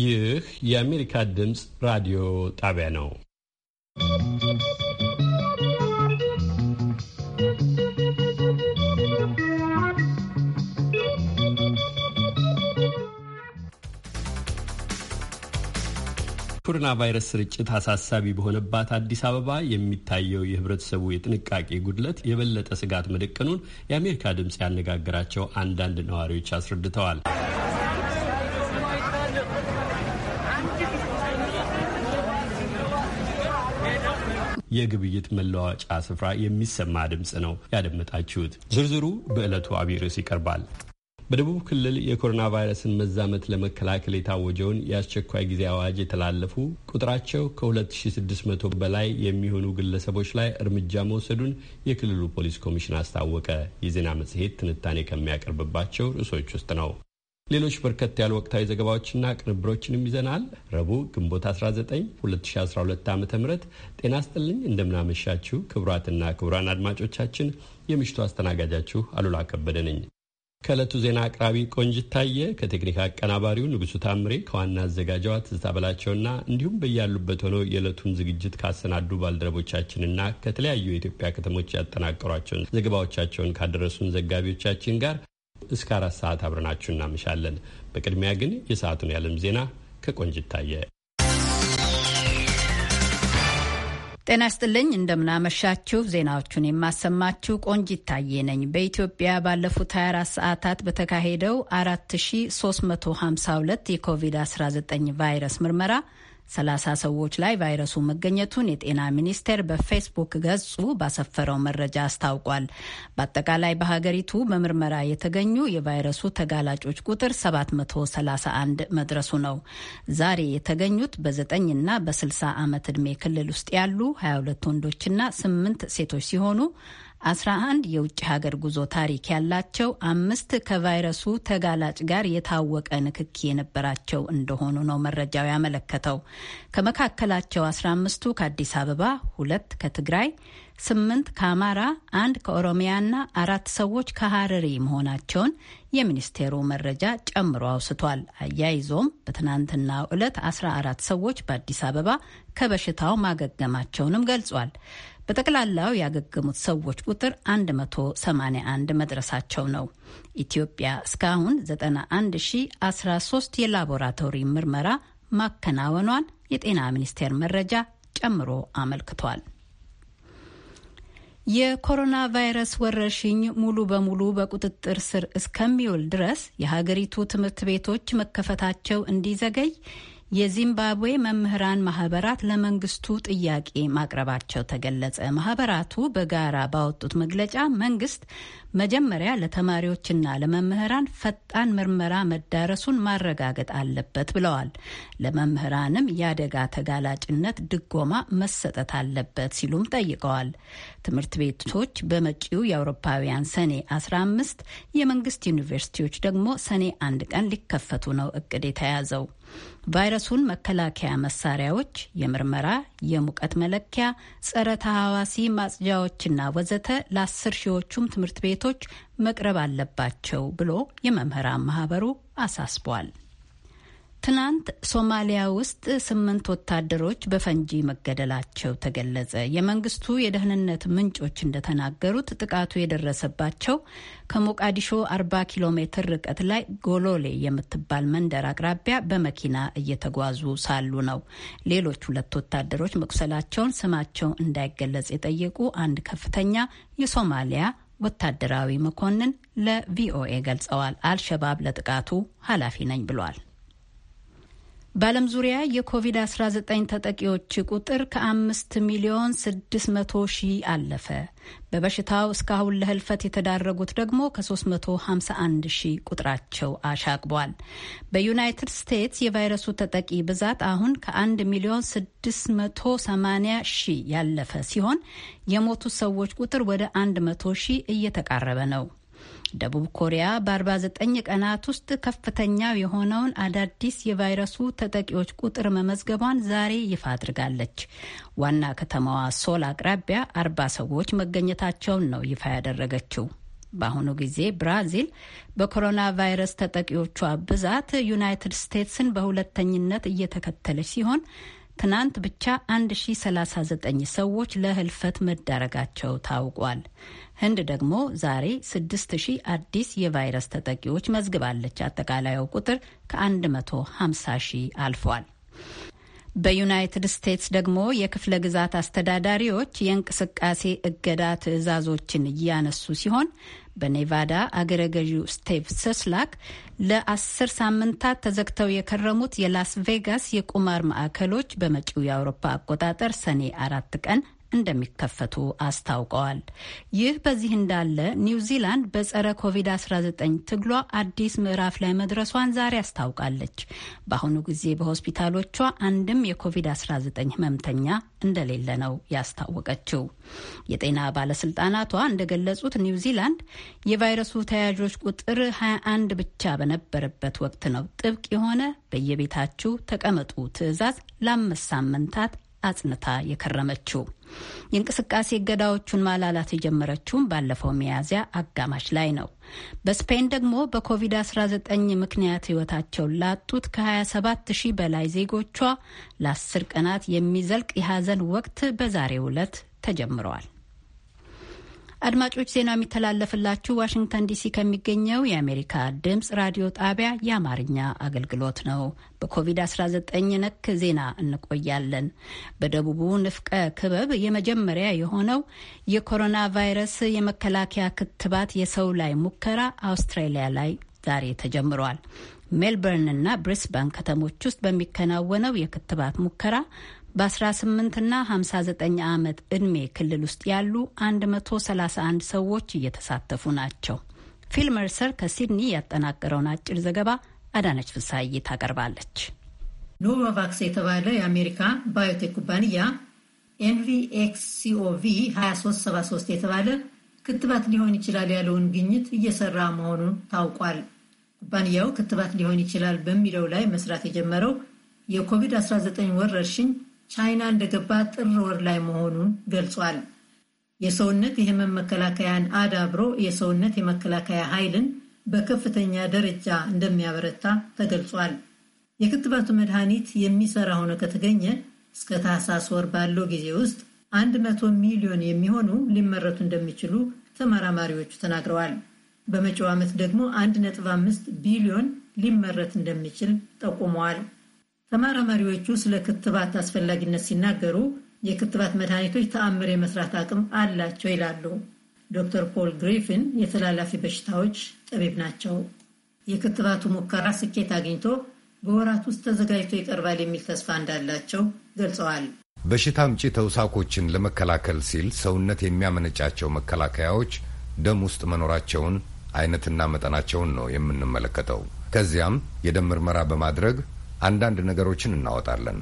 ይህ የአሜሪካ ድምፅ ራዲዮ ጣቢያ ነው። ኮሮና ቫይረስ ስርጭት አሳሳቢ በሆነባት አዲስ አበባ የሚታየው የህብረተሰቡ የጥንቃቄ ጉድለት የበለጠ ስጋት መደቀኑን የአሜሪካ ድምፅ ያነጋገራቸው አንዳንድ ነዋሪዎች አስረድተዋል። የግብይት መለዋወጫ ስፍራ የሚሰማ ድምፅ ነው ያደመጣችሁት። ዝርዝሩ በዕለቱ አብይ ርዕስ ይቀርባል። በደቡብ ክልል የኮሮና ቫይረስን መዛመት ለመከላከል የታወጀውን የአስቸኳይ ጊዜ አዋጅ የተላለፉ ቁጥራቸው ከ2600 በላይ የሚሆኑ ግለሰቦች ላይ እርምጃ መውሰዱን የክልሉ ፖሊስ ኮሚሽን አስታወቀ። የዜና መጽሔት ትንታኔ ከሚያቀርብባቸው ርዕሶች ውስጥ ነው። ሌሎች በርከት ያሉ ወቅታዊ ዘገባዎችና ቅንብሮችንም ይዘናል። ረቡዕ ግንቦት 19 2012 ዓ ም ጤና ስጥልኝ እንደምናመሻችሁ ክቡራትና ክቡራን አድማጮቻችን የምሽቱ አስተናጋጃችሁ አሉላ ከበደ ነኝ። ከእለቱ ዜና አቅራቢ ቆንጅት ታየ፣ ከቴክኒክ አቀናባሪው ንጉሱ ታምሬ፣ ከዋና አዘጋጇ ትዝታ በላቸውና እንዲሁም በያሉበት ሆነው የዕለቱን ዝግጅት ካሰናዱ ባልደረቦቻችንና ከተለያዩ የኢትዮጵያ ከተሞች ያጠናቀሯቸውን ዘገባዎቻቸውን ካደረሱን ዘጋቢዎቻችን ጋር እስከ አራት ሰዓት አብረናችሁ እናመሻለን። በቅድሚያ ግን የሰዓቱን የዓለም ዜና ከቆንጅት ታየ። ጤና ይስጥልኝ እንደምናመሻችሁ። ዜናዎቹን የማሰማችሁ ቆንጂት ታዬ ነኝ። በኢትዮጵያ ባለፉት 24 ሰዓታት በተካሄደው 4352 የኮቪድ-19 ቫይረስ ምርመራ ሰላሳ ሰዎች ላይ ቫይረሱ መገኘቱን የጤና ሚኒስቴር በፌስቡክ ገጹ ባሰፈረው መረጃ አስታውቋል። በአጠቃላይ በሀገሪቱ በምርመራ የተገኙ የቫይረሱ ተጋላጮች ቁጥር 731 መድረሱ ነው። ዛሬ የተገኙት በዘጠኝና በ60 ዓመት ዕድሜ ክልል ውስጥ ያሉ 22 ወንዶችና 8 ሴቶች ሲሆኑ 11 የውጭ ሀገር ጉዞ ታሪክ ያላቸው አምስት ከቫይረሱ ተጋላጭ ጋር የታወቀ ንክኪ የነበራቸው እንደሆኑ ነው መረጃው ያመለከተው። ከመካከላቸው 15ቱ ከአዲስ አበባ፣ ሁለት ከትግራይ፣ ስምንት ከአማራ፣ አንድ ከኦሮሚያና አራት ሰዎች ከሀረሪ መሆናቸውን የሚኒስቴሩ መረጃ ጨምሮ አውስቷል። አያይዞም በትናንትናው ዕለት አራት ሰዎች በአዲስ አበባ ከበሽታው ማገገማቸውንም ገልጿል። በጠቅላላው ያገገሙት ሰዎች ቁጥር 181 መድረሳቸው ነው። ኢትዮጵያ እስካሁን 91013 የላቦራቶሪ ምርመራ ማከናወኗን የጤና ሚኒስቴር መረጃ ጨምሮ አመልክቷል። የኮሮና ቫይረስ ወረርሽኝ ሙሉ በሙሉ በቁጥጥር ስር እስከሚውል ድረስ የሀገሪቱ ትምህርት ቤቶች መከፈታቸው እንዲዘገይ የዚምባብዌ መምህራን ማህበራት ለመንግስቱ ጥያቄ ማቅረባቸው ተገለጸ። ማህበራቱ በጋራ ባወጡት መግለጫ መንግስት መጀመሪያ ለተማሪዎችና ለመምህራን ፈጣን ምርመራ መዳረሱን ማረጋገጥ አለበት ብለዋል። ለመምህራንም የአደጋ ተጋላጭነት ድጎማ መሰጠት አለበት ሲሉም ጠይቀዋል። ትምህርት ቤቶች በመጪው የአውሮፓውያን ሰኔ 15 የመንግስት ዩኒቨርሲቲዎች ደግሞ ሰኔ አንድ ቀን ሊከፈቱ ነው እቅድ የተያዘው። ቫይረሱን መከላከያ መሳሪያዎች፣ የምርመራ የሙቀት መለኪያ፣ ጸረ ተሐዋሲ ማጽጃዎችና ወዘተ ለአስር ሺዎቹም ትምህርት ቤቶች መቅረብ አለባቸው ብሎ የመምህራን ማህበሩ አሳስቧል። ትናንት ሶማሊያ ውስጥ ስምንት ወታደሮች በፈንጂ መገደላቸው ተገለጸ። የመንግስቱ የደህንነት ምንጮች እንደተናገሩት ጥቃቱ የደረሰባቸው ከሞቃዲሾ 40 ኪሎ ሜትር ርቀት ላይ ጎሎሌ የምትባል መንደር አቅራቢያ በመኪና እየተጓዙ ሳሉ ነው። ሌሎች ሁለት ወታደሮች መቁሰላቸውን ስማቸው እንዳይገለጽ የጠየቁ አንድ ከፍተኛ የሶማሊያ ወታደራዊ መኮንን ለቪኦኤ ገልጸዋል። አልሸባብ ለጥቃቱ ኃላፊ ነኝ ብሏል። በዓለም ዙሪያ የኮቪድ-19 ተጠቂዎች ቁጥር ከአምስት ሚሊዮን ስድስት መቶ ሺህ አለፈ። በበሽታው እስካሁን ለህልፈት የተዳረጉት ደግሞ ከ351 ሺህ ቁጥራቸው አሻቅቧል። በዩናይትድ ስቴትስ የቫይረሱ ተጠቂ ብዛት አሁን ከ1 ሚሊዮን 680 ሺህ ያለፈ ሲሆን የሞቱ ሰዎች ቁጥር ወደ 100 ሺህ እየተቃረበ ነው። ደቡብ ኮሪያ በ49 ቀናት ውስጥ ከፍተኛው የሆነውን አዳዲስ የቫይረሱ ተጠቂዎች ቁጥር መመዝገቧን ዛሬ ይፋ አድርጋለች። ዋና ከተማዋ ሶል አቅራቢያ አርባ ሰዎች መገኘታቸውን ነው ይፋ ያደረገችው። በአሁኑ ጊዜ ብራዚል በኮሮና ቫይረስ ተጠቂዎቿ ብዛት ዩናይትድ ስቴትስን በሁለተኝነት እየተከተለች ሲሆን ትናንት ብቻ 1039 ሰዎች ለህልፈት መዳረጋቸው ታውቋል። ህንድ ደግሞ ዛሬ 6000 አዲስ የቫይረስ ተጠቂዎች መዝግባለች። አጠቃላዩ ቁጥር ከ150 ሺህ አልፏል። በዩናይትድ ስቴትስ ደግሞ የክፍለ ግዛት አስተዳዳሪዎች የእንቅስቃሴ እገዳ ትዕዛዞችን እያነሱ ሲሆን በኔቫዳ አገረ ገዢው ስቴቭ ሰስላክ ለአስር ሳምንታት ተዘግተው የከረሙት የላስ ቬጋስ የቁማር ማዕከሎች በመጪው የአውሮፓ አቆጣጠር ሰኔ አራት ቀን እንደሚከፈቱ አስታውቀዋል። ይህ በዚህ እንዳለ ኒውዚላንድ በጸረ ኮቪድ-19 ትግሏ አዲስ ምዕራፍ ላይ መድረሷን ዛሬ አስታውቃለች። በአሁኑ ጊዜ በሆስፒታሎቿ አንድም የኮቪድ-19 ህመምተኛ እንደሌለ ነው ያስታወቀችው። የጤና ባለስልጣናቷ እንደገለጹት ኒውዚላንድ የቫይረሱ ተያዦች ቁጥር 21 ብቻ በነበረበት ወቅት ነው ጥብቅ የሆነ በየቤታችሁ ተቀመጡ ትዕዛዝ ለአምስት ሳምንታት አጽንታ የከረመችው። የእንቅስቃሴ እገዳዎቹን ማላላት የጀመረችውም ባለፈው ሚያዝያ አጋማሽ ላይ ነው። በስፔን ደግሞ በኮቪድ-19 ምክንያት ሕይወታቸውን ላጡት ከ27 ሺህ በላይ ዜጎቿ ለአስር ቀናት የሚዘልቅ የሐዘን ወቅት በዛሬው ዕለት ተጀምረዋል። አድማጮች ዜናው የሚተላለፍላችሁ ዋሽንግተን ዲሲ ከሚገኘው የአሜሪካ ድምፅ ራዲዮ ጣቢያ የአማርኛ አገልግሎት ነው። በኮቪድ-19 ነክ ዜና እንቆያለን። በደቡቡ ንፍቀ ክበብ የመጀመሪያ የሆነው የኮሮና ቫይረስ የመከላከያ ክትባት የሰው ላይ ሙከራ አውስትራሊያ ላይ ዛሬ ተጀምሯል። ሜልበርን እና ብሪስባን ከተሞች ውስጥ በሚከናወነው የክትባት ሙከራ በ18 እና 59 ዓመት ዕድሜ ክልል ውስጥ ያሉ 131 ሰዎች እየተሳተፉ ናቸው። ፊል መርሰር ከሲድኒ ያጠናቀረውን አጭር ዘገባ አዳነች ፍሳይ ታቀርባለች። ኖቫቫክስ የተባለ የአሜሪካ ባዮቴክ ኩባንያ ኤንቪኤክስሲኦቪ 2373 የተባለ ክትባት ሊሆን ይችላል ያለውን ግኝት እየሰራ መሆኑን ታውቋል። ኩባንያው ክትባት ሊሆን ይችላል በሚለው ላይ መስራት የጀመረው የኮቪድ-19 ወረርሽኝ ቻይና እንደገባ ጥር ወር ላይ መሆኑን ገልጿል። የሰውነት የህመም መከላከያን አዳብሮ የሰውነት የመከላከያ ኃይልን በከፍተኛ ደረጃ እንደሚያበረታ ተገልጿል። የክትባቱ መድኃኒት የሚሰራ ሆኖ ከተገኘ እስከ ታህሳስ ወር ባለው ጊዜ ውስጥ 100 ሚሊዮን የሚሆኑ ሊመረቱ እንደሚችሉ ተመራማሪዎቹ ተናግረዋል። በመጪው ዓመት ደግሞ 1.5 ቢሊዮን ሊመረት እንደሚችል ጠቁመዋል። ተመራማሪዎቹ ስለ ክትባት አስፈላጊነት ሲናገሩ የክትባት መድኃኒቶች ተአምር የመስራት አቅም አላቸው ይላሉ። ዶክተር ፖል ግሪፊን የተላላፊ በሽታዎች ጠቢብ ናቸው። የክትባቱ ሙከራ ስኬት አግኝቶ በወራት ውስጥ ተዘጋጅቶ ይቀርባል የሚል ተስፋ እንዳላቸው ገልጸዋል። በሽታ አምጪ ተውሳኮችን ለመከላከል ሲል ሰውነት የሚያመነጫቸው መከላከያዎች ደም ውስጥ መኖራቸውን አይነትና መጠናቸውን ነው የምንመለከተው። ከዚያም የደም ምርመራ በማድረግ አንዳንድ ነገሮችን እናወጣለን።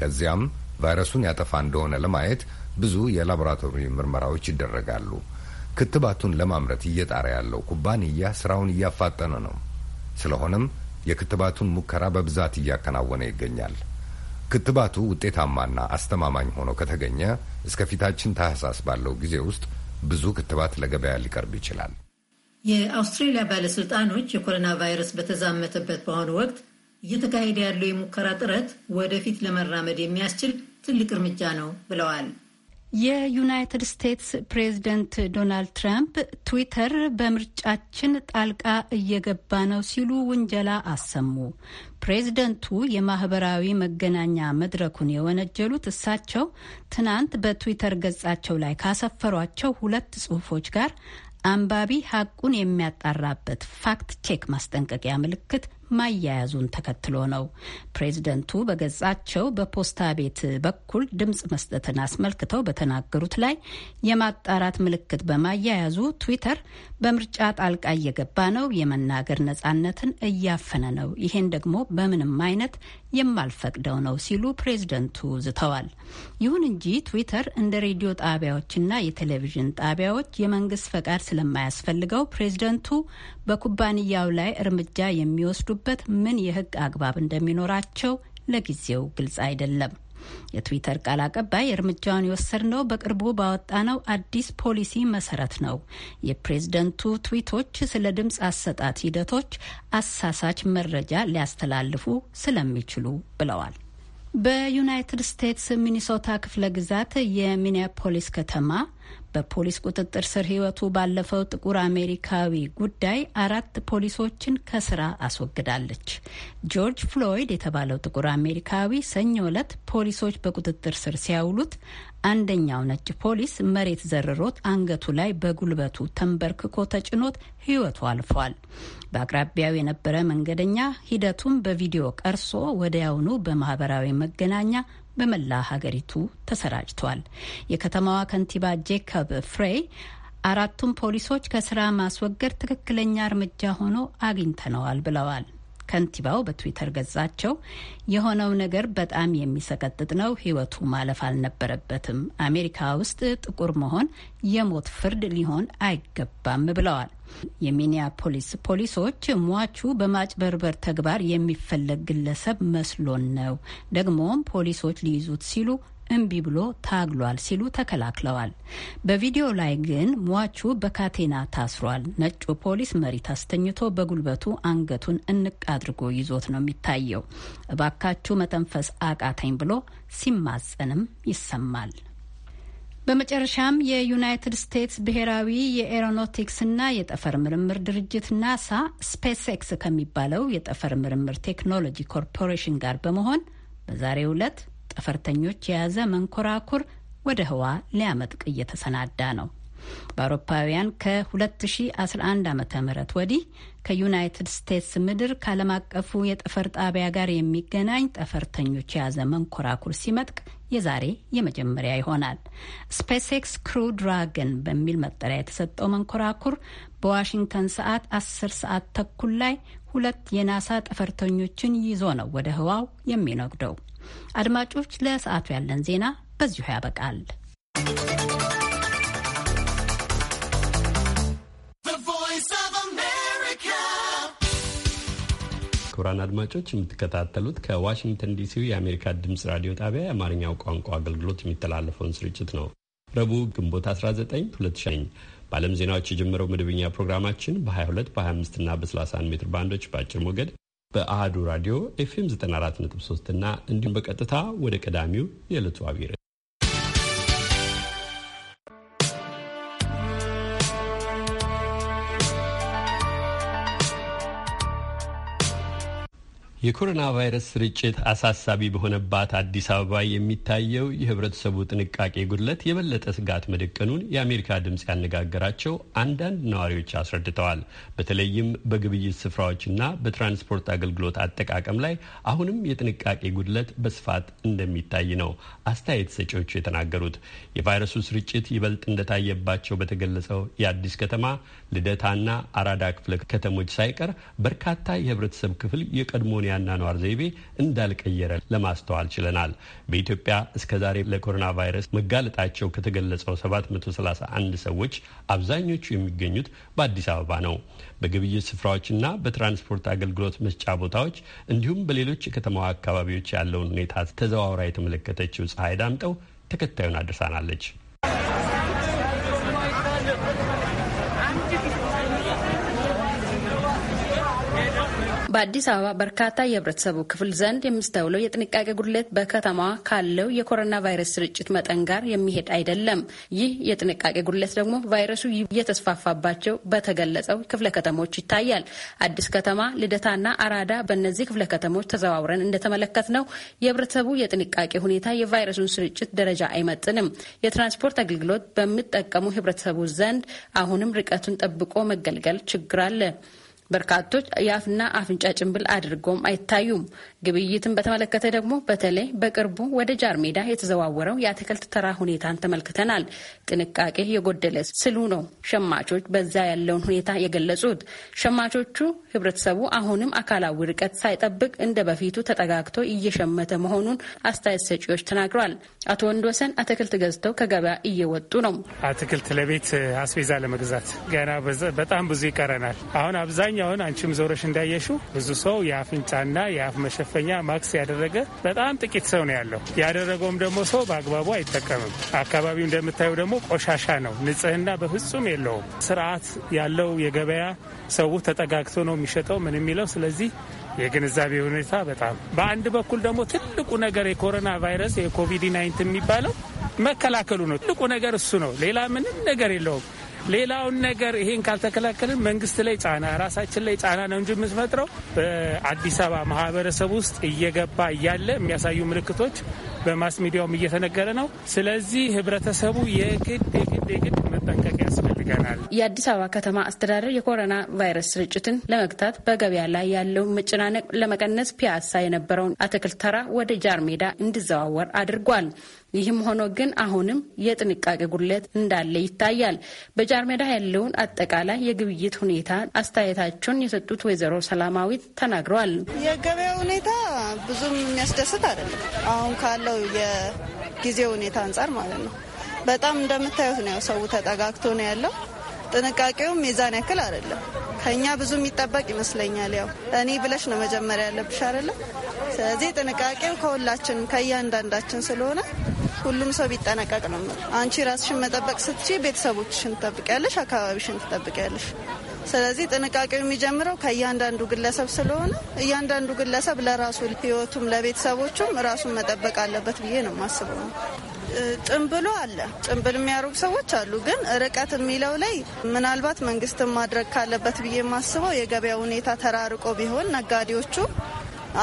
ከዚያም ቫይረሱን ያጠፋ እንደሆነ ለማየት ብዙ የላቦራቶሪ ምርመራዎች ይደረጋሉ። ክትባቱን ለማምረት እየጣረ ያለው ኩባንያ ስራውን እያፋጠነ ነው። ስለሆነም የክትባቱን ሙከራ በብዛት እያከናወነ ይገኛል። ክትባቱ ውጤታማና አስተማማኝ ሆኖ ከተገኘ እስከ ፊታችን ታህሳስ ባለው ጊዜ ውስጥ ብዙ ክትባት ለገበያ ሊቀርብ ይችላል። የአውስትሬሊያ ባለስልጣኖች የኮሮና ቫይረስ በተዛመተበት በአሁኑ ወቅት እየተካሄደ ያለው የሙከራ ጥረት ወደፊት ለመራመድ የሚያስችል ትልቅ እርምጃ ነው ብለዋል። የዩናይትድ ስቴትስ ፕሬዝደንት ዶናልድ ትራምፕ ትዊተር በምርጫችን ጣልቃ እየገባ ነው ሲሉ ውንጀላ አሰሙ። ፕሬዝደንቱ የማህበራዊ መገናኛ መድረኩን የወነጀሉት እሳቸው ትናንት በትዊተር ገጻቸው ላይ ካሰፈሯቸው ሁለት ጽሑፎች ጋር አንባቢ ሀቁን የሚያጣራበት ፋክት ቼክ ማስጠንቀቂያ ምልክት ማያያዙን ተከትሎ ነው። ፕሬዝደንቱ በገጻቸው በፖስታ ቤት በኩል ድምፅ መስጠትን አስመልክተው በተናገሩት ላይ የማጣራት ምልክት በማያያዙ ትዊተር በምርጫ ጣልቃ እየገባ ነው፣ የመናገር ነጻነትን እያፈነ ነው፣ ይሄን ደግሞ በምንም አይነት የማልፈቅደው ነው ሲሉ ፕሬዝደንቱ ዝተዋል። ይሁን እንጂ ትዊተር እንደ ሬዲዮ ጣቢያዎችና የቴሌቪዥን ጣቢያዎች የመንግስት ፈቃድ ስለማያስፈልገው ፕሬዝደንቱ በኩባንያው ላይ እርምጃ የሚወስዱበት ምን የህግ አግባብ እንደሚኖራቸው ለጊዜው ግልጽ አይደለም። የትዊተር ቃል አቀባይ እርምጃውን የወሰድነው በቅርቡ ባወጣነው አዲስ ፖሊሲ መሰረት ነው። የፕሬዝደንቱ ትዊቶች ስለ ድምፅ አሰጣት ሂደቶች አሳሳች መረጃ ሊያስተላልፉ ስለሚችሉ ብለዋል። በዩናይትድ ስቴትስ ሚኒሶታ ክፍለ ግዛት የሚኒያፖሊስ ከተማ በፖሊስ ቁጥጥር ስር ሕይወቱ ባለፈው ጥቁር አሜሪካዊ ጉዳይ አራት ፖሊሶችን ከስራ አስወግዳለች። ጆርጅ ፍሎይድ የተባለው ጥቁር አሜሪካዊ ሰኞ ለት ፖሊሶች በቁጥጥር ስር ሲያውሉት አንደኛው ነጭ ፖሊስ መሬት ዘርሮት አንገቱ ላይ በጉልበቱ ተንበርክኮ ተጭኖት ሕይወቱ አልፏል። በአቅራቢያው የነበረ መንገደኛ ሂደቱን በቪዲዮ ቀርሶ ወዲያውኑ በማህበራዊ መገናኛ በመላ ሀገሪቱ ተሰራጭቷል። የከተማዋ ከንቲባ ጄኮብ ፍሬይ አራቱም ፖሊሶች ከስራ ማስወገድ ትክክለኛ እርምጃ ሆኖ አግኝተነዋል ብለዋል። ከንቲባው በትዊተር ገጻቸው የሆነው ነገር በጣም የሚሰቀጥጥ ነው፣ ህይወቱ ማለፍ አልነበረበትም፣ አሜሪካ ውስጥ ጥቁር መሆን የሞት ፍርድ ሊሆን አይገባም ብለዋል። የሚኒያፖሊስ ፖሊሶች ሟቹ በማጭበርበር ተግባር የሚፈለግ ግለሰብ መስሎን ነው፣ ደግሞም ፖሊሶች ሊይዙት ሲሉ እምቢ ብሎ ታግሏል ሲሉ ተከላክለዋል። በቪዲዮ ላይ ግን ሟቹ በካቴና ታስሯል። ነጩ ፖሊስ መሬት አስተኝቶ በጉልበቱ አንገቱን እንቅ አድርጎ ይዞት ነው የሚታየው። እባካችሁ መተንፈስ አቃተኝ ብሎ ሲማጸንም ይሰማል። በመጨረሻም የዩናይትድ ስቴትስ ብሔራዊ የኤሮኖቲክስና የጠፈር ምርምር ድርጅት ናሳ ስፔስ ኤክስ ከሚባለው የጠፈር ምርምር ቴክኖሎጂ ኮርፖሬሽን ጋር በመሆን በዛሬው ዕለት ጠፈርተኞች የያዘ መንኮራኩር ወደ ህዋ ሊያመጥቅ እየተሰናዳ ነው። በአውሮፓውያን ከ2011 ዓ ም ወዲህ ከዩናይትድ ስቴትስ ምድር ከዓለም አቀፉ የጠፈር ጣቢያ ጋር የሚገናኝ ጠፈርተኞች የያዘ መንኮራኩር ሲመጥቅ የዛሬ የመጀመሪያ ይሆናል። ስፔስክስ ክሩ ድራግን በሚል መጠሪያ የተሰጠው መንኮራኩር በዋሽንግተን ሰዓት 10 ሰዓት ተኩል ላይ ሁለት የናሳ ጠፈርተኞችን ይዞ ነው ወደ ህዋው የሚነጉደው። አድማጮች፣ ለሰዓቱ ያለን ዜና በዚሁ ያበቃል። ክቡራን አድማጮች የምትከታተሉት ከዋሽንግተን ዲሲው የአሜሪካ ድምፅ ራዲዮ ጣቢያ የአማርኛው ቋንቋ አገልግሎት የሚተላለፈውን ስርጭት ነው። ረቡዕ ግንቦት 19 2009 በዓለም ዜናዎች የጀመረው መደበኛ ፕሮግራማችን በ22 በ25 እና በ31 ሜትር ባንዶች በአጭር ሞገድ በአህዱ ራዲዮ ኤፍኤም 94.3 እና እንዲሁም በቀጥታ ወደ ቀዳሚው የዕለቱ አቢረ የኮሮና ቫይረስ ስርጭት አሳሳቢ በሆነባት አዲስ አበባ የሚታየው የህብረተሰቡ ጥንቃቄ ጉድለት የበለጠ ስጋት መደቀኑን የአሜሪካ ድምፅ ያነጋገራቸው አንዳንድ ነዋሪዎች አስረድተዋል። በተለይም በግብይት ስፍራዎችና በትራንስፖርት አገልግሎት አጠቃቀም ላይ አሁንም የጥንቃቄ ጉድለት በስፋት እንደሚታይ ነው አስተያየት ሰጪዎቹ የተናገሩት። የቫይረሱ ስርጭት ይበልጥ እንደታየባቸው በተገለጸው የአዲስ ከተማ ልደታና አራዳ ክፍለ ከተሞች ሳይቀር በርካታ የህብረተሰብ ክፍል የቀድሞን የአኗኗር ዘይቤ እንዳልቀየረ ለማስተዋል ችለናል። በኢትዮጵያ እስከ ዛሬ ለኮሮና ቫይረስ መጋለጣቸው ከተገለጸው 731 ሰዎች አብዛኞቹ የሚገኙት በአዲስ አበባ ነው። በግብይት ስፍራዎችና በትራንስፖርት አገልግሎት መስጫ ቦታዎች እንዲሁም በሌሎች የከተማዋ አካባቢዎች ያለውን ሁኔታ ተዘዋውራ የተመለከተችው ፀሐይ ዳምጠው ተከታዩን አድርሳናለች። በአዲስ አበባ በርካታ የህብረተሰቡ ክፍል ዘንድ የምስተውለው የጥንቃቄ ጉድለት በከተማዋ ካለው የኮሮና ቫይረስ ስርጭት መጠን ጋር የሚሄድ አይደለም። ይህ የጥንቃቄ ጉድለት ደግሞ ቫይረሱ እየተስፋፋባቸው በተገለጸው ክፍለ ከተሞች ይታያል። አዲስ ከተማ፣ ልደታና አራዳ በእነዚህ ክፍለ ከተሞች ተዘዋውረን እንደተመለከት ነው የህብረተሰቡ የጥንቃቄ ሁኔታ የቫይረሱን ስርጭት ደረጃ አይመጥንም። የትራንስፖርት አገልግሎት በሚጠቀሙ ህብረተሰቡ ዘንድ አሁንም ርቀቱን ጠብቆ መገልገል ችግር አለ። በርካቶች የአፍና አፍንጫ ጭንብል አድርገውም አይታዩም። ግብይትን በተመለከተ ደግሞ በተለይ በቅርቡ ወደ ጃር ሜዳ የተዘዋወረው የአትክልት ተራ ሁኔታን ተመልክተናል። ጥንቃቄ የጎደለ ስሉ ነው ሸማቾች በዛ ያለውን ሁኔታ የገለጹት። ሸማቾቹ ህብረተሰቡ አሁንም አካላዊ ርቀት ሳይጠብቅ እንደ በፊቱ ተጠጋግቶ እየሸመተ መሆኑን አስተያየት ሰጪዎች ተናግረዋል። አቶ ወንድወሰን አትክልት ገዝተው ከገበያ እየወጡ ነው። አትክልት ለቤት አስቤዛ ለመግዛት ገና በጣም ብዙ ይቀረናል። አሁን አብዛኛው አብዛኛውን አንቺም ዞረሽ እንዳየሽው ብዙ ሰው የአፍንጫና የአፍ መሸፈኛ ማክስ ያደረገ በጣም ጥቂት ሰው ነው ያለው። ያደረገውም ደግሞ ሰው በአግባቡ አይጠቀምም። አካባቢው እንደምታየው ደግሞ ቆሻሻ ነው፣ ንጽህና በፍጹም የለውም። ስርዓት ያለው የገበያ ሰው ተጠጋግቶ ነው የሚሸጠው ምን የሚለው ስለዚህ የግንዛቤ ሁኔታ በጣም በአንድ በኩል ደግሞ ትልቁ ነገር የኮሮና ቫይረስ የኮቪድ ናይንት የሚባለው መከላከሉ ነው። ትልቁ ነገር እሱ ነው። ሌላ ምንም ነገር የለውም። ሌላውን ነገር ይሄን ካልተከላከልን መንግስት ላይ ጫና፣ ራሳችን ላይ ጫና ነው እንጂ የምትፈጥረው በአዲስ አበባ ማህበረሰብ ውስጥ እየገባ እያለ የሚያሳዩ ምልክቶች በማስ ሚዲያውም እየተነገረ ነው። ስለዚህ ህብረተሰቡ የግድ የግድ የግድ መጠንቀቅ ያስፈልገናል። የአዲስ አበባ ከተማ አስተዳደር የኮሮና ቫይረስ ስርጭትን ለመግታት በገበያ ላይ ያለው መጨናነቅ ለመቀነስ ፒያሳ የነበረውን አትክልት ተራ ወደ ጃር ሜዳ እንዲዘዋወር አድርጓል። ይህም ሆኖ ግን አሁንም የጥንቃቄ ጉድለት እንዳለ ይታያል። በጃርሜዳ ያለውን አጠቃላይ የግብይት ሁኔታ አስተያየታቸውን የሰጡት ወይዘሮ ሰላማዊት ተናግረዋል። የገበያ ሁኔታ ብዙም የሚያስደስት አይደለም። አሁን ካለው የጊዜ ሁኔታ አንጻር ማለት ነው። በጣም እንደምታዩት ነው። ሰው ተጠጋግቶ ነው ያለው ጥንቃቄውም ሚዛን ያክል አይደለም። ከኛ ብዙ የሚጠበቅ ይመስለኛል። ያው እኔ ብለሽ ነው መጀመሪያ ያለብሽ አይደለም። ስለዚህ ጥንቃቄው ከሁላችንም ከእያንዳንዳችን ስለሆነ ሁሉም ሰው ቢጠነቀቅ ነው። አንቺ ራስሽን መጠበቅ ስትች ቤተሰቦችሽን ትጠብቂያለሽ፣ አካባቢሽን ትጠብቂያለሽ። ስለዚህ ጥንቃቄው የሚጀምረው ከእያንዳንዱ ግለሰብ ስለሆነ እያንዳንዱ ግለሰብ ለራሱ ሕይወቱም ለቤተሰቦቹም ራሱን መጠበቅ አለበት ብዬ ነው ማስበው ነው። ጥንብሎ አለ። ጥንብል የሚያደርጉ ሰዎች አሉ። ግን ርቀት የሚለው ላይ ምናልባት መንግስትን ማድረግ ካለበት ብዬ የማስበው የገበያ ሁኔታ ተራርቆ ቢሆን ነጋዴዎቹ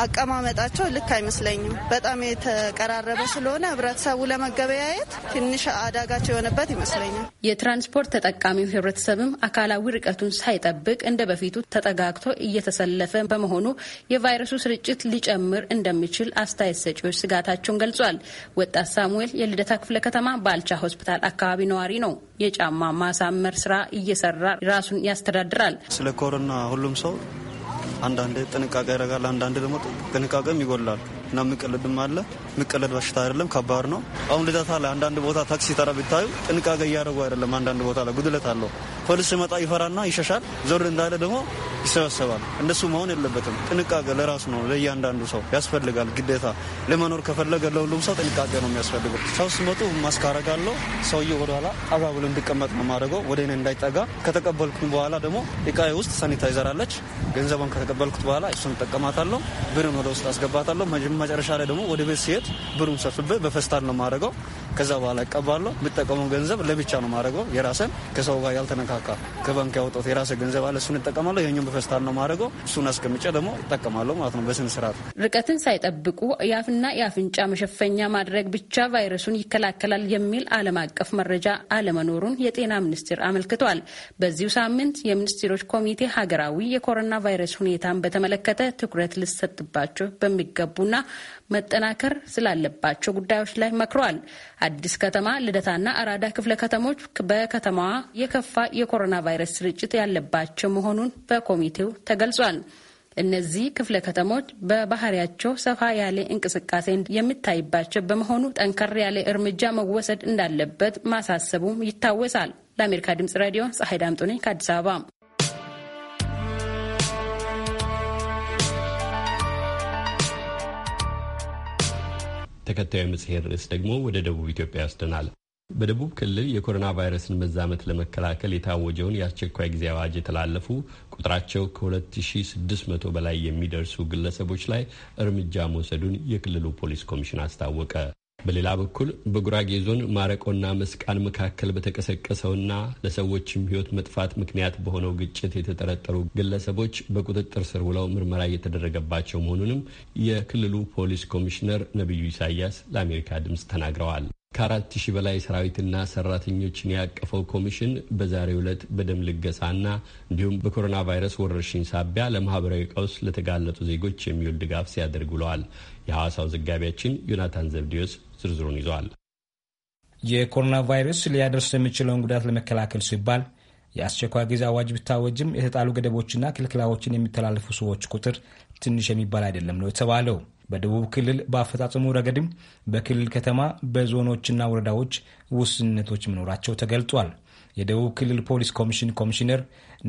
አቀማመጣቸው ልክ አይመስለኝም። በጣም የተቀራረበ ስለሆነ ህብረተሰቡ ለመገበያየት ትንሽ አዳጋቸው የሆነበት ይመስለኛል። የትራንስፖርት ተጠቃሚው ህብረተሰብም አካላዊ ርቀቱን ሳይጠብቅ እንደ በፊቱ ተጠጋግቶ እየተሰለፈ በመሆኑ የቫይረሱ ስርጭት ሊጨምር እንደሚችል አስተያየት ሰጪዎች ስጋታቸውን ገልጿል። ወጣት ሳሙኤል የልደታ ክፍለ ከተማ ባልቻ ሆስፒታል አካባቢ ነዋሪ ነው። የጫማ ማሳመር ስራ እየሰራ ራሱን ያስተዳድራል። ስለ ኮሮና ሁሉም ሰው አንዳንድ ጥንቃቄ ያደርጋል፣ አንዳንድ ደግሞ ጥንቃቄም ይጎላል። እና የሚቀለድም አለ። ምቀለድ በሽታ አይደለም፣ ከባድ ነው። አሁን ልደታ ላይ አንዳንድ ቦታ ታክሲ ተራ ቢታዩ ጥንቃቄ እያደረጉ አይደለም። አንዳንድ ቦታ ላይ ጉድለት አለው። ፖሊስ ሲመጣ ይፈራና ይሸሻል። ዞር እንዳለ ደግሞ ይሰበሰባል። እንደሱ መሆን የለበትም። ጥንቃቄ ለራሱ ነው ለእያንዳንዱ ሰው ያስፈልጋል ግዴታ። ለመኖር ከፈለገ ለሁሉም ሰው ጥንቃቄ ነው የሚያስፈልገው። ሰው ሲመጡ ማስካረግ አለው። ሰውዬው ወደኋላ አባ ብሎ እንዲቀመጥ ነው ማድረገው፣ ወደ እኔ እንዳይጠጋ። ከተቀበልኩኝ በኋላ ደግሞ እቃዬ ውስጥ ሳኒታይዘር አለች። ገንዘቧን ከተቀበልኩት በኋላ እሱን እጠቀማታለሁ። ብርን ወደ ውስጥ አስገባታለሁ። መጨረሻ ላይ ደግሞ ወደ ቤት ሲሄድ ብሩን ሰፍቤ በፌስታል ነው የማደርገው። ከዛ በኋላ እቀባለሁ። የምጠቀመው ገንዘብ ለብቻ ነው ማድረገው። የራሰን ከሰው ጋር ያልተነካካ ከባንክ ያወጣሁት የራሰ ገንዘብ አለ። እሱን እጠቀማለሁ። ይህኛው በፈስታል ነው ማድረገው። እሱን አስቀምጬ ደግሞ እጠቀማለሁ ማለት ነው በስነ ስርዓት። ርቀትን ሳይጠብቁ የአፍና የአፍንጫ መሸፈኛ ማድረግ ብቻ ቫይረሱን ይከላከላል የሚል ዓለም አቀፍ መረጃ አለመኖሩን የጤና ሚኒስቴር አመልክቷል። በዚሁ ሳምንት የሚኒስትሮች ኮሚቴ ሀገራዊ የኮሮና ቫይረስ ሁኔታን በተመለከተ ትኩረት ሊሰጥባቸው በሚገቡና መጠናከር ስላለባቸው ጉዳዮች ላይ መክሯል። አዲስ ከተማ፣ ልደታና አራዳ ክፍለ ከተሞች በከተማዋ የከፋ የኮሮና ቫይረስ ስርጭት ያለባቸው መሆኑን በኮሚቴው ተገልጿል። እነዚህ ክፍለ ከተሞች በባህሪያቸው ሰፋ ያለ እንቅስቃሴ የሚታይባቸው በመሆኑ ጠንከር ያለ እርምጃ መወሰድ እንዳለበት ማሳሰቡም ይታወሳል። ለአሜሪካ ድምጽ ሬዲዮ ፀሐይ ዳምጦ ነኝ ከአዲስ አበባ ተከታዩ መጽሔት ርዕስ ደግሞ ወደ ደቡብ ኢትዮጵያ ይወስደናል። በደቡብ ክልል የኮሮና ቫይረስን መዛመት ለመከላከል የታወጀውን የአስቸኳይ ጊዜ አዋጅ የተላለፉ ቁጥራቸው ከ2600 በላይ የሚደርሱ ግለሰቦች ላይ እርምጃ መውሰዱን የክልሉ ፖሊስ ኮሚሽን አስታወቀ። በሌላ በኩል በጉራጌ ዞን ማረቆና መስቃን መካከል በተቀሰቀሰውና ለሰዎችም ሕይወት መጥፋት ምክንያት በሆነው ግጭት የተጠረጠሩ ግለሰቦች በቁጥጥር ስር ውለው ምርመራ እየተደረገባቸው መሆኑንም የክልሉ ፖሊስ ኮሚሽነር ነቢዩ ኢሳያስ ለአሜሪካ ድምፅ ተናግረዋል። ከአራት ሺህ በላይ ሰራዊትና ሰራተኞችን ያቀፈው ኮሚሽን በዛሬው ዕለት በደም ልገሳና እንዲሁም በኮሮና ቫይረስ ወረርሽኝ ሳቢያ ለማህበራዊ ቀውስ ለተጋለጡ ዜጎች የሚውል ድጋፍ ሲያደርግ ውለዋል። የሐዋሳው ዘጋቢያችን ዮናታን ዘብዲዮስ ዝርዝሩን ይዘዋል። የኮሮና ቫይረስ ሊያደርስ የሚችለውን ጉዳት ለመከላከል ሲባል የአስቸኳይ ጊዜ አዋጅ ብታወጅም የተጣሉ ገደቦችና ክልክላዎችን የሚተላለፉ ሰዎች ቁጥር ትንሽ የሚባል አይደለም ነው የተባለው። በደቡብ ክልል በአፈጻጸሙ ረገድም በክልል ከተማ በዞኖችና ወረዳዎች ውስንነቶች መኖራቸው ተገልጧል። የደቡብ ክልል ፖሊስ ኮሚሽን ኮሚሽነር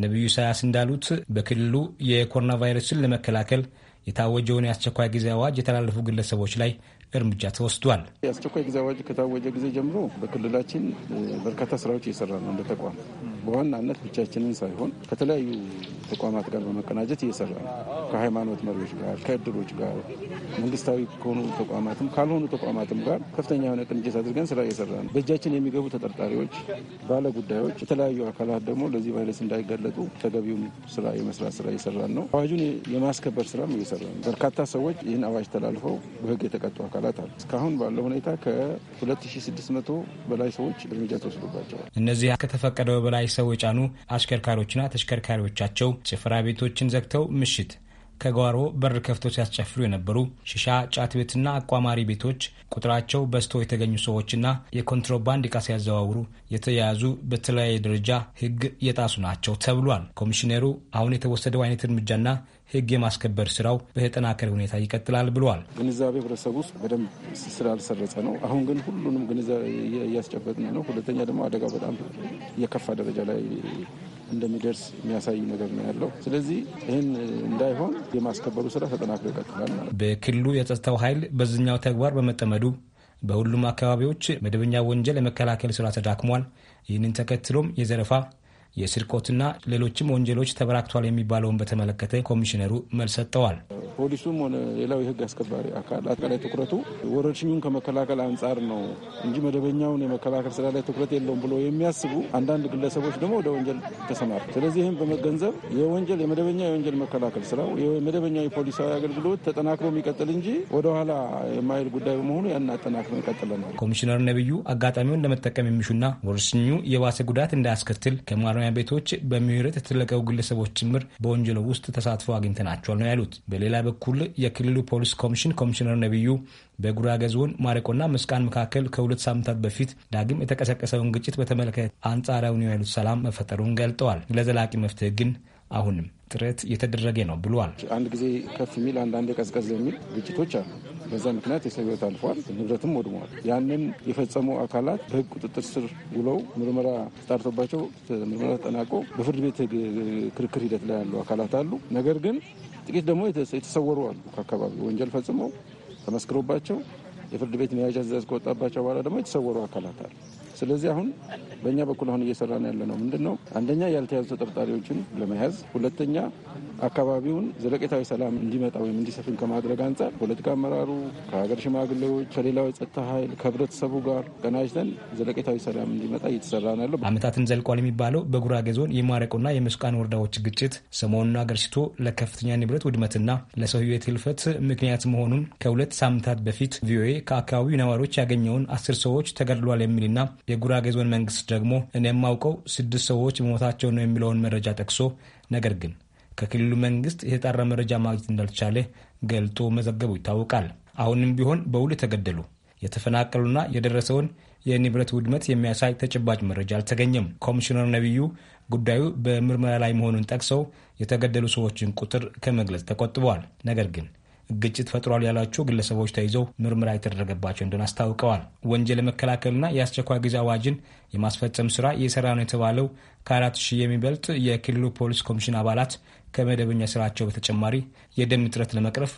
ነቢዩ ኢሳያስ እንዳሉት በክልሉ የኮሮና ቫይረስን ለመከላከል የታወጀውን የአስቸኳይ ጊዜ አዋጅ የተላለፉ ግለሰቦች ላይ እርምጃ ተወስዷል። የአስቸኳይ ጊዜ አዋጅ ከታወጀ ጊዜ ጀምሮ በክልላችን በርካታ ስራዎች እየሰራ ነው። እንደ ተቋም በዋናነት ብቻችንን ሳይሆን ከተለያዩ ተቋማት ጋር በመቀናጀት እየሰራ ነው። ከሃይማኖት መሪዎች ጋር፣ ከእድሮች ጋር፣ መንግስታዊ ከሆኑ ተቋማትም ካልሆኑ ተቋማትም ጋር ከፍተኛ የሆነ ቅንጅት አድርገን ስራ እየሰራ ነው። በእጃችን የሚገቡ ተጠርጣሪዎች፣ ባለ ጉዳዮች፣ የተለያዩ አካላት ደግሞ ለዚህ ቫይረስ እንዳይጋለጡ ተገቢውን ስራ የመስራት ስራ እየሰራን ነው። አዋጁን የማስከበር ስራም እየሰራ ነው። በርካታ ሰዎች ይህን አዋጅ ተላልፈው በህግ የተቀጡ አካል አካላት አሉ። እስካሁን ባለው ሁኔታ ከ2600 በላይ ሰዎች እርምጃ ተወስዶባቸዋል። እነዚህ ከተፈቀደው በላይ ሰው የጫኑ አሽከርካሪዎችና ተሽከርካሪዎቻቸው ጭፈራ ቤቶችን ዘግተው ምሽት ከጓሮ በር ከፍተው ሲያስጨፍሩ የነበሩ ሽሻ ጫት ቤትና አቋማሪ ቤቶች ቁጥራቸው በዝቶ የተገኙ ሰዎችና የኮንትሮባንድ ዕቃ ሲያዘዋውሩ የተያያዙ በተለያየ ደረጃ ሕግ የጣሱ ናቸው ተብሏል። ኮሚሽነሩ አሁን የተወሰደው አይነት እርምጃና ህግ የማስከበር ስራው በተጠናከረ ሁኔታ ይቀጥላል ብለዋል። ግንዛቤ ህብረተሰቡ ውስጥ በደንብ ስላልሰረጸ ነው። አሁን ግን ሁሉንም ግንዛቤ እያስጨበጥን ነው። ሁለተኛ ደግሞ አደጋው በጣም የከፋ ደረጃ ላይ እንደሚደርስ የሚያሳይ ነገር ነው ያለው። ስለዚህ ይህን እንዳይሆን የማስከበሩ ስራ ተጠናክሮ ይቀጥላል ማለት ነው። በክልሉ የጸጥታው ኃይል በዚህኛው ተግባር በመጠመዱ በሁሉም አካባቢዎች መደበኛ ወንጀል የመከላከል ስራ ተዳክሟል። ይህንን ተከትሎም የዘረፋ የስርቆትና ሌሎችም ወንጀሎች ተበራክቷል የሚባለውን በተመለከተ ኮሚሽነሩ መልስ ሰጥተዋል። ፖሊሱም ሆነ ሌላው የህግ አስከባሪ አካል አጠቃላይ ትኩረቱ ወረርሽኙን ከመከላከል አንጻር ነው እንጂ መደበኛውን የመከላከል ስራ ላይ ትኩረት የለውም ብሎ የሚያስቡ አንዳንድ ግለሰቦች ደግሞ ወደ ወንጀል ተሰማሩ። ስለዚህ ይህም በመገንዘብ የወንጀል የመደበኛ የወንጀል መከላከል ስራው የመደበኛ የፖሊሳዊ አገልግሎት ተጠናክሮ የሚቀጥል እንጂ ወደኋላ የማይል ጉዳይ በመሆኑ ያን አጠናክሮ ይቀጥለናል። ኮሚሽነር ነቢዩ አጋጣሚውን ለመጠቀም የሚሹና ወረርሽኙ የባሰ ጉዳት እንዳያስከትል ከማረ ማረሚያ ቤቶች በምህረት የተለቀቁ ግለሰቦች ጭምር በወንጀሉ ውስጥ ተሳትፎ አግኝተናቸዋል ነው ያሉት። በሌላ በኩል የክልሉ ፖሊስ ኮሚሽን ኮሚሽነር ነቢዩ በጉራጌ ዞን ማረቆና መስቃን መካከል ከሁለት ሳምንታት በፊት ዳግም የተቀሰቀሰውን ግጭት በተመለከተ አንጻራዊ ነው ያሉት ሰላም መፈጠሩን ገልጠዋል። ለዘላቂ መፍትሄ ግን አሁንም ጥረት እየተደረገ ነው ብሏል። አንድ ጊዜ ከፍ የሚል አንዳንዴ ቀዝቀዝ የሚል ግጭቶች አሉ። በዛ ምክንያት የሰው ሕይወት አልፏል፣ ንብረትም ወድሟል። ያንን የፈጸሙ አካላት በሕግ ቁጥጥር ስር ውለው ምርመራ ተጣርቶባቸው ምርመራ ተጠናቆ በፍርድ ቤት ክርክር ሂደት ላይ ያሉ አካላት አሉ። ነገር ግን ጥቂት ደግሞ የተሰወሩ አሉ። ከአካባቢ ወንጀል ፈጽመው ተመስክሮባቸው የፍርድ ቤት መያዣ ትዕዛዝ ከወጣባቸው በኋላ ደግሞ የተሰወሩ አካላት አሉ። ስለዚህ አሁን በእኛ በኩል አሁን እየሰራን ያለ ነው ምንድን ነው አንደኛ ያልተያዙ ተጠርጣሪዎችን ለመያዝ፣ ሁለተኛ አካባቢውን ዘለቄታዊ ሰላም እንዲመጣ ወይም እንዲሰፍን ከማድረግ አንጻር ፖለቲካ አመራሩ ከሀገር ሽማግሌዎች፣ ከሌላው የጸጥታ ኃይል ከህብረተሰቡ ጋር ቀናጅተን ዘለቄታዊ ሰላም እንዲመጣ እየተሰራ ነው ያለው። አመታትን ዘልቋል የሚባለው በጉራጌ ዞን የማረቆና የመስቃን ወረዳዎች ግጭት ሰሞኑን አገርሽቶ ለከፍተኛ ንብረት ውድመትና ለሰው ህይወት ህልፈት ምክንያት መሆኑን ከሁለት ሳምንታት በፊት ቪኦኤ ከአካባቢው ነዋሪዎች ያገኘውን አስር ሰዎች ተገድሏል የሚልና የጉራጌ ዞን መንግስት ደግሞ እኔ የማውቀው ስድስት ሰዎች መሞታቸው ነው የሚለውን መረጃ ጠቅሶ ነገር ግን ከክልሉ መንግስት የተጣራ መረጃ ማግኘት እንዳልቻለ ገልጦ መዘገቡ ይታወቃል። አሁንም ቢሆን በውል የተገደሉ የተፈናቀሉና የደረሰውን የንብረት ውድመት የሚያሳይ ተጨባጭ መረጃ አልተገኘም። ኮሚሽነር ነቢዩ ጉዳዩ በምርመራ ላይ መሆኑን ጠቅሰው የተገደሉ ሰዎችን ቁጥር ከመግለጽ ተቆጥበዋል። ነገር ግን ግጭት ፈጥሯል ያሏቸው ግለሰቦች ተይዘው ምርመራ የተደረገባቸው እንደሆነ አስታውቀዋል። ወንጀል መከላከልና የአስቸኳይ ጊዜ አዋጅን የማስፈጸም ስራ እየሰራ ነው የተባለው ከአራት ሺህ የሚበልጥ የክልሉ ፖሊስ ኮሚሽን አባላት ከመደበኛ ስራቸው በተጨማሪ የደም እጥረት ለመቅረፍ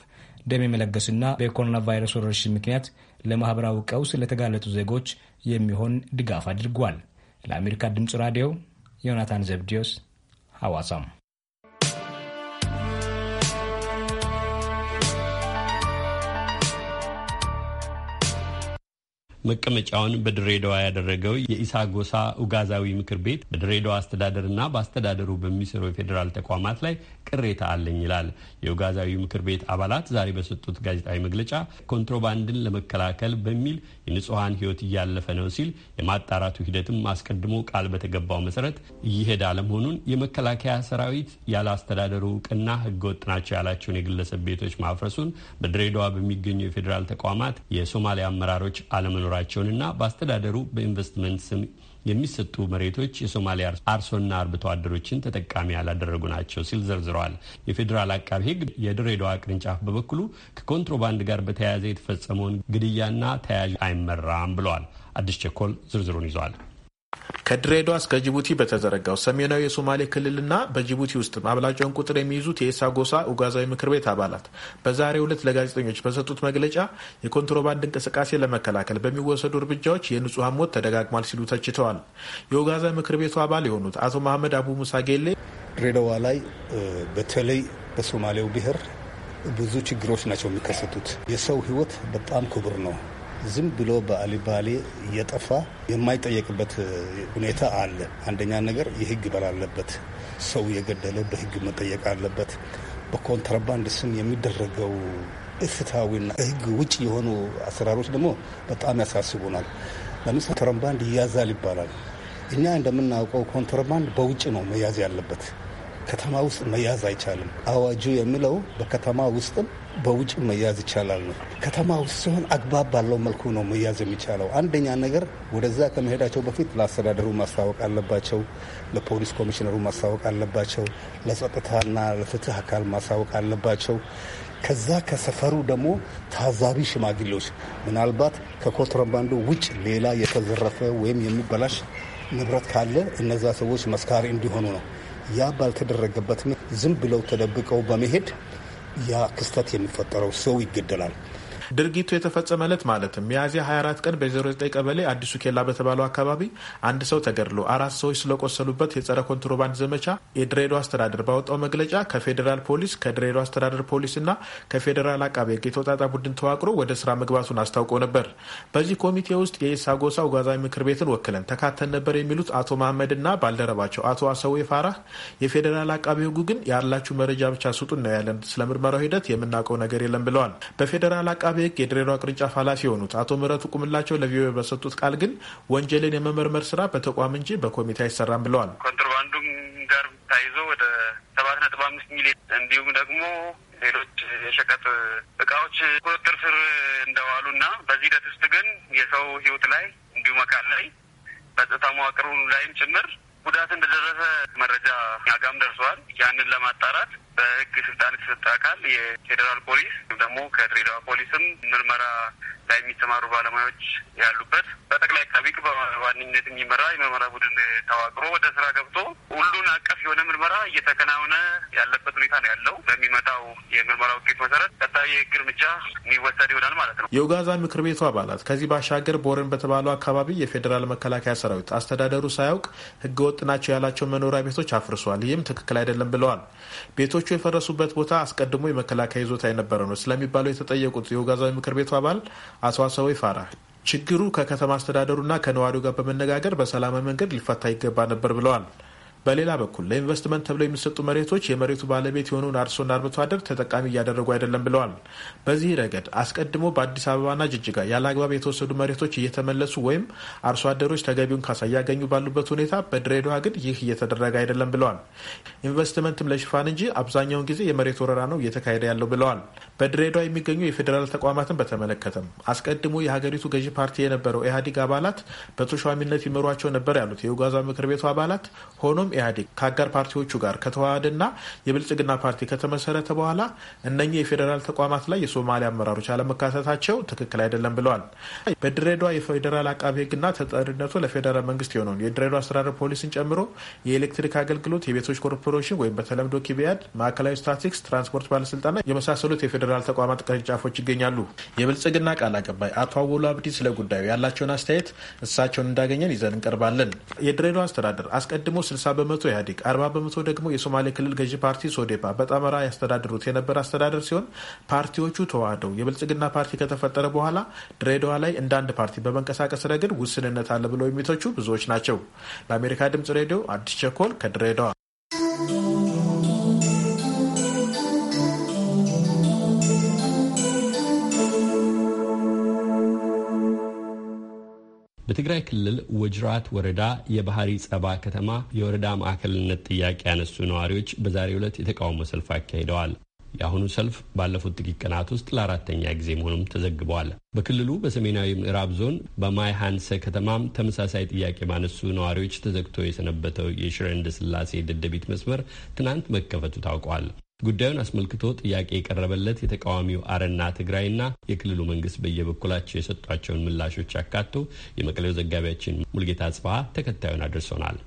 ደም የመለገስና በኮሮና ቫይረስ ወረርሽኝ ምክንያት ለማህበራዊ ቀውስ ለተጋለጡ ዜጎች የሚሆን ድጋፍ አድርጓል። ለአሜሪካ ድምፅ ራዲዮ ዮናታን ዘብዲዮስ ሐዋሳም መቀመጫውን በድሬዳዋ ያደረገው የኢሳ ጎሳ ኡጋዛዊ ምክር ቤት በድሬዳዋ አስተዳደርና በአስተዳደሩ በሚሰሩ የፌዴራል ተቋማት ላይ ቅሬታ አለኝ ይላል። የኡጋዛዊ ምክር ቤት አባላት ዛሬ በሰጡት ጋዜጣዊ መግለጫ ኮንትሮባንድን ለመከላከል በሚል የንጹሐን ሕይወት እያለፈ ነው ሲል የማጣራቱ ሂደትም አስቀድሞ ቃል በተገባው መሰረት እየሄደ አለመሆኑን የመከላከያ ሰራዊት ያለ አስተዳደሩ እውቅና ህገወጥ ናቸው ያላቸውን የግለሰብ ቤቶች ማፍረሱን በድሬዳዋ በሚገኙ የፌዴራል ተቋማት የሶማሊያ አመራሮች አለመኖር መኖራቸውንና በአስተዳደሩ በኢንቨስትመንት ስም የሚሰጡ መሬቶች የሶማሊያ አርሶና አርብቶ አደሮችን ተጠቃሚ ያላደረጉ ናቸው ሲል ዘርዝረዋል። የፌዴራል አቃቢ ሕግ የድሬዳዋ ቅርንጫፍ በበኩሉ ከኮንትሮባንድ ጋር በተያያዘ የተፈጸመውን ግድያና ተያያዥ አይመራም ብለዋል። አዲስ ቸኮል ዝርዝሩን ይዟል። ከድሬዳዋ እስከ ጅቡቲ በተዘረጋው ሰሜናዊ የሶማሌ ክልልና በጅቡቲ ውስጥ አብላጫውን ቁጥር የሚይዙት የኢሳ ጎሳ ኡጋዛዊ ምክር ቤት አባላት በዛሬው ዕለት ለጋዜጠኞች በሰጡት መግለጫ የኮንትሮባንድ እንቅስቃሴ ለመከላከል በሚወሰዱ እርምጃዎች የንጹሐን ሞት ተደጋግሟል ሲሉ ተችተዋል። የኡጋዛ ምክር ቤቱ አባል የሆኑት አቶ መሀመድ አቡ ሙሳ ጌሌ ድሬዳዋ ላይ በተለይ በሶማሌው ብሔር ብዙ ችግሮች ናቸው የሚከሰቱት። የሰው ህይወት በጣም ክቡር ነው። ዝም ብሎ በአሊባሌ እየጠፋ የማይጠየቅበት ሁኔታ አለ። አንደኛ ነገር የህግ በላ አለበት። ሰው የገደለ በህግ መጠየቅ አለበት። በኮንትራባንድ ስም የሚደረገው እፍታዊና ህግ ውጭ የሆኑ አሰራሮች ደግሞ በጣም ያሳስቡናል። ለምሳሌ ኮንትራባንድ ይያዛል ይባላል። እኛ እንደምናውቀው ኮንትራባንድ በውጭ ነው መያዝ ያለበት። ከተማ ውስጥ መያዝ አይቻልም። አዋጁ የሚለው በከተማ ውስጥም በውጭ መያዝ ይቻላል ነው። ከተማ ውስጥ ሲሆን አግባብ ባለው መልኩ ነው መያዝ የሚቻለው። አንደኛ ነገር ወደዛ ከመሄዳቸው በፊት ለአስተዳደሩ ማስታወቅ አለባቸው። ለፖሊስ ኮሚሽነሩ ማስታወቅ አለባቸው። ለጸጥታና ለፍትህ አካል ማስታወቅ አለባቸው። ከዛ ከሰፈሩ ደግሞ ታዛቢ ሽማግሌዎች ምናልባት ከኮንትሮባንዱ ውጭ ሌላ የተዘረፈ ወይም የሚበላሽ ንብረት ካለ እነዛ ሰዎች መስካሪ እንዲሆኑ ነው። ያ ባልተደረገበት ዝም ብለው ተደብቀው በመሄድ ያ ክስተት የሚፈጠረው ሰው ይገደላል። ድርጊቱ የተፈጸመ ዕለት ማለትም ሚያዝያ 24 ቀን በ09 ቀበሌ አዲሱ ኬላ በተባለው አካባቢ አንድ ሰው ተገድሎ አራት ሰዎች ስለቆሰሉበት የጸረ ኮንትሮባንድ ዘመቻ የድሬዳዋ አስተዳደር ባወጣው መግለጫ ከፌዴራል ፖሊስ ከድሬዳዋ አስተዳደር ፖሊስና ከፌዴራል አቃቤ ሕግ ቡድን ተዋቅሮ ወደ ስራ መግባቱን አስታውቆ ነበር። በዚህ ኮሚቴ ውስጥ የኢሳ ጎሳ ጓዛ ምክር ቤትን ወክለን ተካተን ነበር የሚሉት አቶ መሀመድና ባልደረባቸው አቶ አሰው ፋራህ የፌዴራል አቃቤ ሕጉ ግን ያላችሁ መረጃ ብቻ ስጡን ነው ያለን፣ ስለ ምርመራው ሂደት የምናውቀው ነገር የለም ብለዋል። በፌዴራል አቃቤ አቤክ የድሬዳዋ ቅርንጫፍ ኃላፊ የሆኑት አቶ ምረቱ ቁምላቸው ለቪኦኤ በሰጡት ቃል ግን ወንጀልን የመመርመር ስራ በተቋም እንጂ በኮሚቴ አይሰራም ብለዋል። ኮንትሮባንዱም ጋር ታይዞ ወደ ሰባት ነጥብ አምስት ሚሊዮን እንዲሁም ደግሞ ሌሎች የሸቀጥ እቃዎች ቁጥጥር ስር እንደዋሉና በዚህ ሂደት ውስጥ ግን የሰው ህይወት ላይ እንዲሁም አካል ላይ በጸጥታ መዋቅሩ ላይም ጭምር ጉዳት እንደደረሰ መረጃ እኛ ጋም ደርሰዋል። ያንን ለማጣራት በህግ ስልጣን የተሰጠ አካል የፌዴራል ፖሊስ ወይም ደግሞ ከድሬዳዋ ፖሊስም ምርመራ ላይ የሚሰማሩ ባለሙያዎች ያሉበት በጠቅላይ አቃቤ ህግ በዋነኝነት የሚመራ የምርመራ ቡድን ተዋቅሮ ወደ ስራ ገብቶ ሁሉን አቀፍ የሆነ ምርመራ እየተከናወነ ያለበት ሁኔታ ነው ያለው። በሚመጣው የምርመራ ውጤት መሰረት ቀጣዩ የህግ እርምጃ የሚወሰድ ይሆናል ማለት ነው። የኡጋዛ ምክር ቤቱ አባላት ከዚህ ባሻገር ቦረን በተባለው አካባቢ የፌዴራል መከላከያ ሰራዊት አስተዳደሩ ሳያውቅ ህገወጥ ናቸው ያላቸው መኖሪያ ቤቶች አፍርሷል። ይህም ትክክል አይደለም ብለዋል። ቤቶች ቤቶቹ የፈረሱበት ቦታ አስቀድሞ የመከላከያ ይዞታ የነበረ ነው ስለሚባለው የተጠየቁት የውጋዛዊ ምክር ቤቱ አባል አቶ ይፋራ ችግሩ ከከተማ አስተዳደሩና ከነዋሪው ጋር በመነጋገር በሰላማዊ መንገድ ሊፈታ ይገባ ነበር ብለዋል። በሌላ በኩል ለኢንቨስትመንት ተብለው የሚሰጡ መሬቶች የመሬቱ ባለቤት የሆነውን አርሶና አርብቶ አደር ተጠቃሚ እያደረጉ አይደለም ብለዋል። በዚህ ረገድ አስቀድሞ በአዲስ አበባና ጅጅጋ ያለ አግባብ የተወሰዱ መሬቶች እየተመለሱ ወይም አርሶ አደሮች ተገቢውን ካሳ እያገኙ ባሉበት ሁኔታ በድሬዳዋ ግን ይህ እየተደረገ አይደለም ብለዋል። ኢንቨስትመንትም ለሽፋን እንጂ አብዛኛውን ጊዜ የመሬት ወረራ ነው እየተካሄደ ያለው ብለዋል። በድሬዳዋ የሚገኙ የፌዴራል ተቋማትን በተመለከተም አስቀድሞ የሀገሪቱ ገዢ ፓርቲ የነበረው ኢህአዴግ አባላት በተሿሚነት ይመሯቸው ነበር ያሉት የኡጋዛ ምክር ቤቱ አባላት ሆኖም ኢህአዴግ ከአጋር ፓርቲዎቹ ጋር ከተዋሃደና የብልጽግና ፓርቲ ከተመሰረተ በኋላ እነኚህ የፌዴራል ተቋማት ላይ የሶማሊያ አመራሮች አለመካተታቸው ትክክል አይደለም ብለዋል። በድሬዳዋ የፌዴራል አቃቢ ህግና ተጠሪነቱ ለፌዴራል መንግስት የሆነውን የድሬዳዋ አስተዳደር ፖሊስን ጨምሮ የኤሌክትሪክ አገልግሎት፣ የቤቶች ኮርፖሬሽን ወይም በተለምዶ ኪቢያድ፣ ማዕከላዊ ስታቲክስ፣ ትራንስፖርት ባለስልጣና የመሳሰሉት የፌዴራል ተቋማት ቅርንጫፎች ይገኛሉ። የብልጽግና ቃል አቀባይ አቶ አወሉ አብዲ ስለ ጉዳዩ ያላቸውን አስተያየት እሳቸውን እንዳገኘን ይዘን እንቀርባለን። የድሬዳዋ አስተዳደር አስቀድሞ 60 በመቶ ኢህአዴግ፣ አርባ በመቶ ደግሞ የሶማሌ ክልል ገዢ ፓርቲ ሶዴፓ በጣመራ ያስተዳድሩት የነበረ አስተዳደር ሲሆን ፓርቲዎቹ ተዋህደው የብልጽግና ፓርቲ ከተፈጠረ በኋላ ድሬዳዋ ላይ እንደ አንድ ፓርቲ በመንቀሳቀስ ረገድ ውስንነት አለ ብለው የሚተቹ ብዙዎች ናቸው። ለአሜሪካ ድምጽ ሬዲዮ አዲስ ቸኮል ከድሬዳዋ በትግራይ ክልል ወጅራት ወረዳ የባህሪ ጸባ ከተማ የወረዳ ማዕከልነት ጥያቄ ያነሱ ነዋሪዎች በዛሬው ዕለት የተቃውሞ ሰልፍ አካሂደዋል። የአሁኑ ሰልፍ ባለፉት ጥቂት ቀናት ውስጥ ለአራተኛ ጊዜ መሆኑም ተዘግበዋል። በክልሉ በሰሜናዊ ምዕራብ ዞን በማይ ሀንሰ ከተማም ተመሳሳይ ጥያቄ ባነሱ ነዋሪዎች ተዘግቶ የሰነበተው የሽረ ስላሴ ደደቢት መስመር ትናንት መከፈቱ ታውቋል። ጉዳዩን አስመልክቶ ጥያቄ የቀረበለት የተቃዋሚው አረና ትግራይና የክልሉ መንግስት በየበኩላቸው የሰጧቸውን ምላሾች አካቶ የመቀሌው ዘጋቢያችን ሙልጌታ ጽባሀ ተከታዩን አድርሶናል።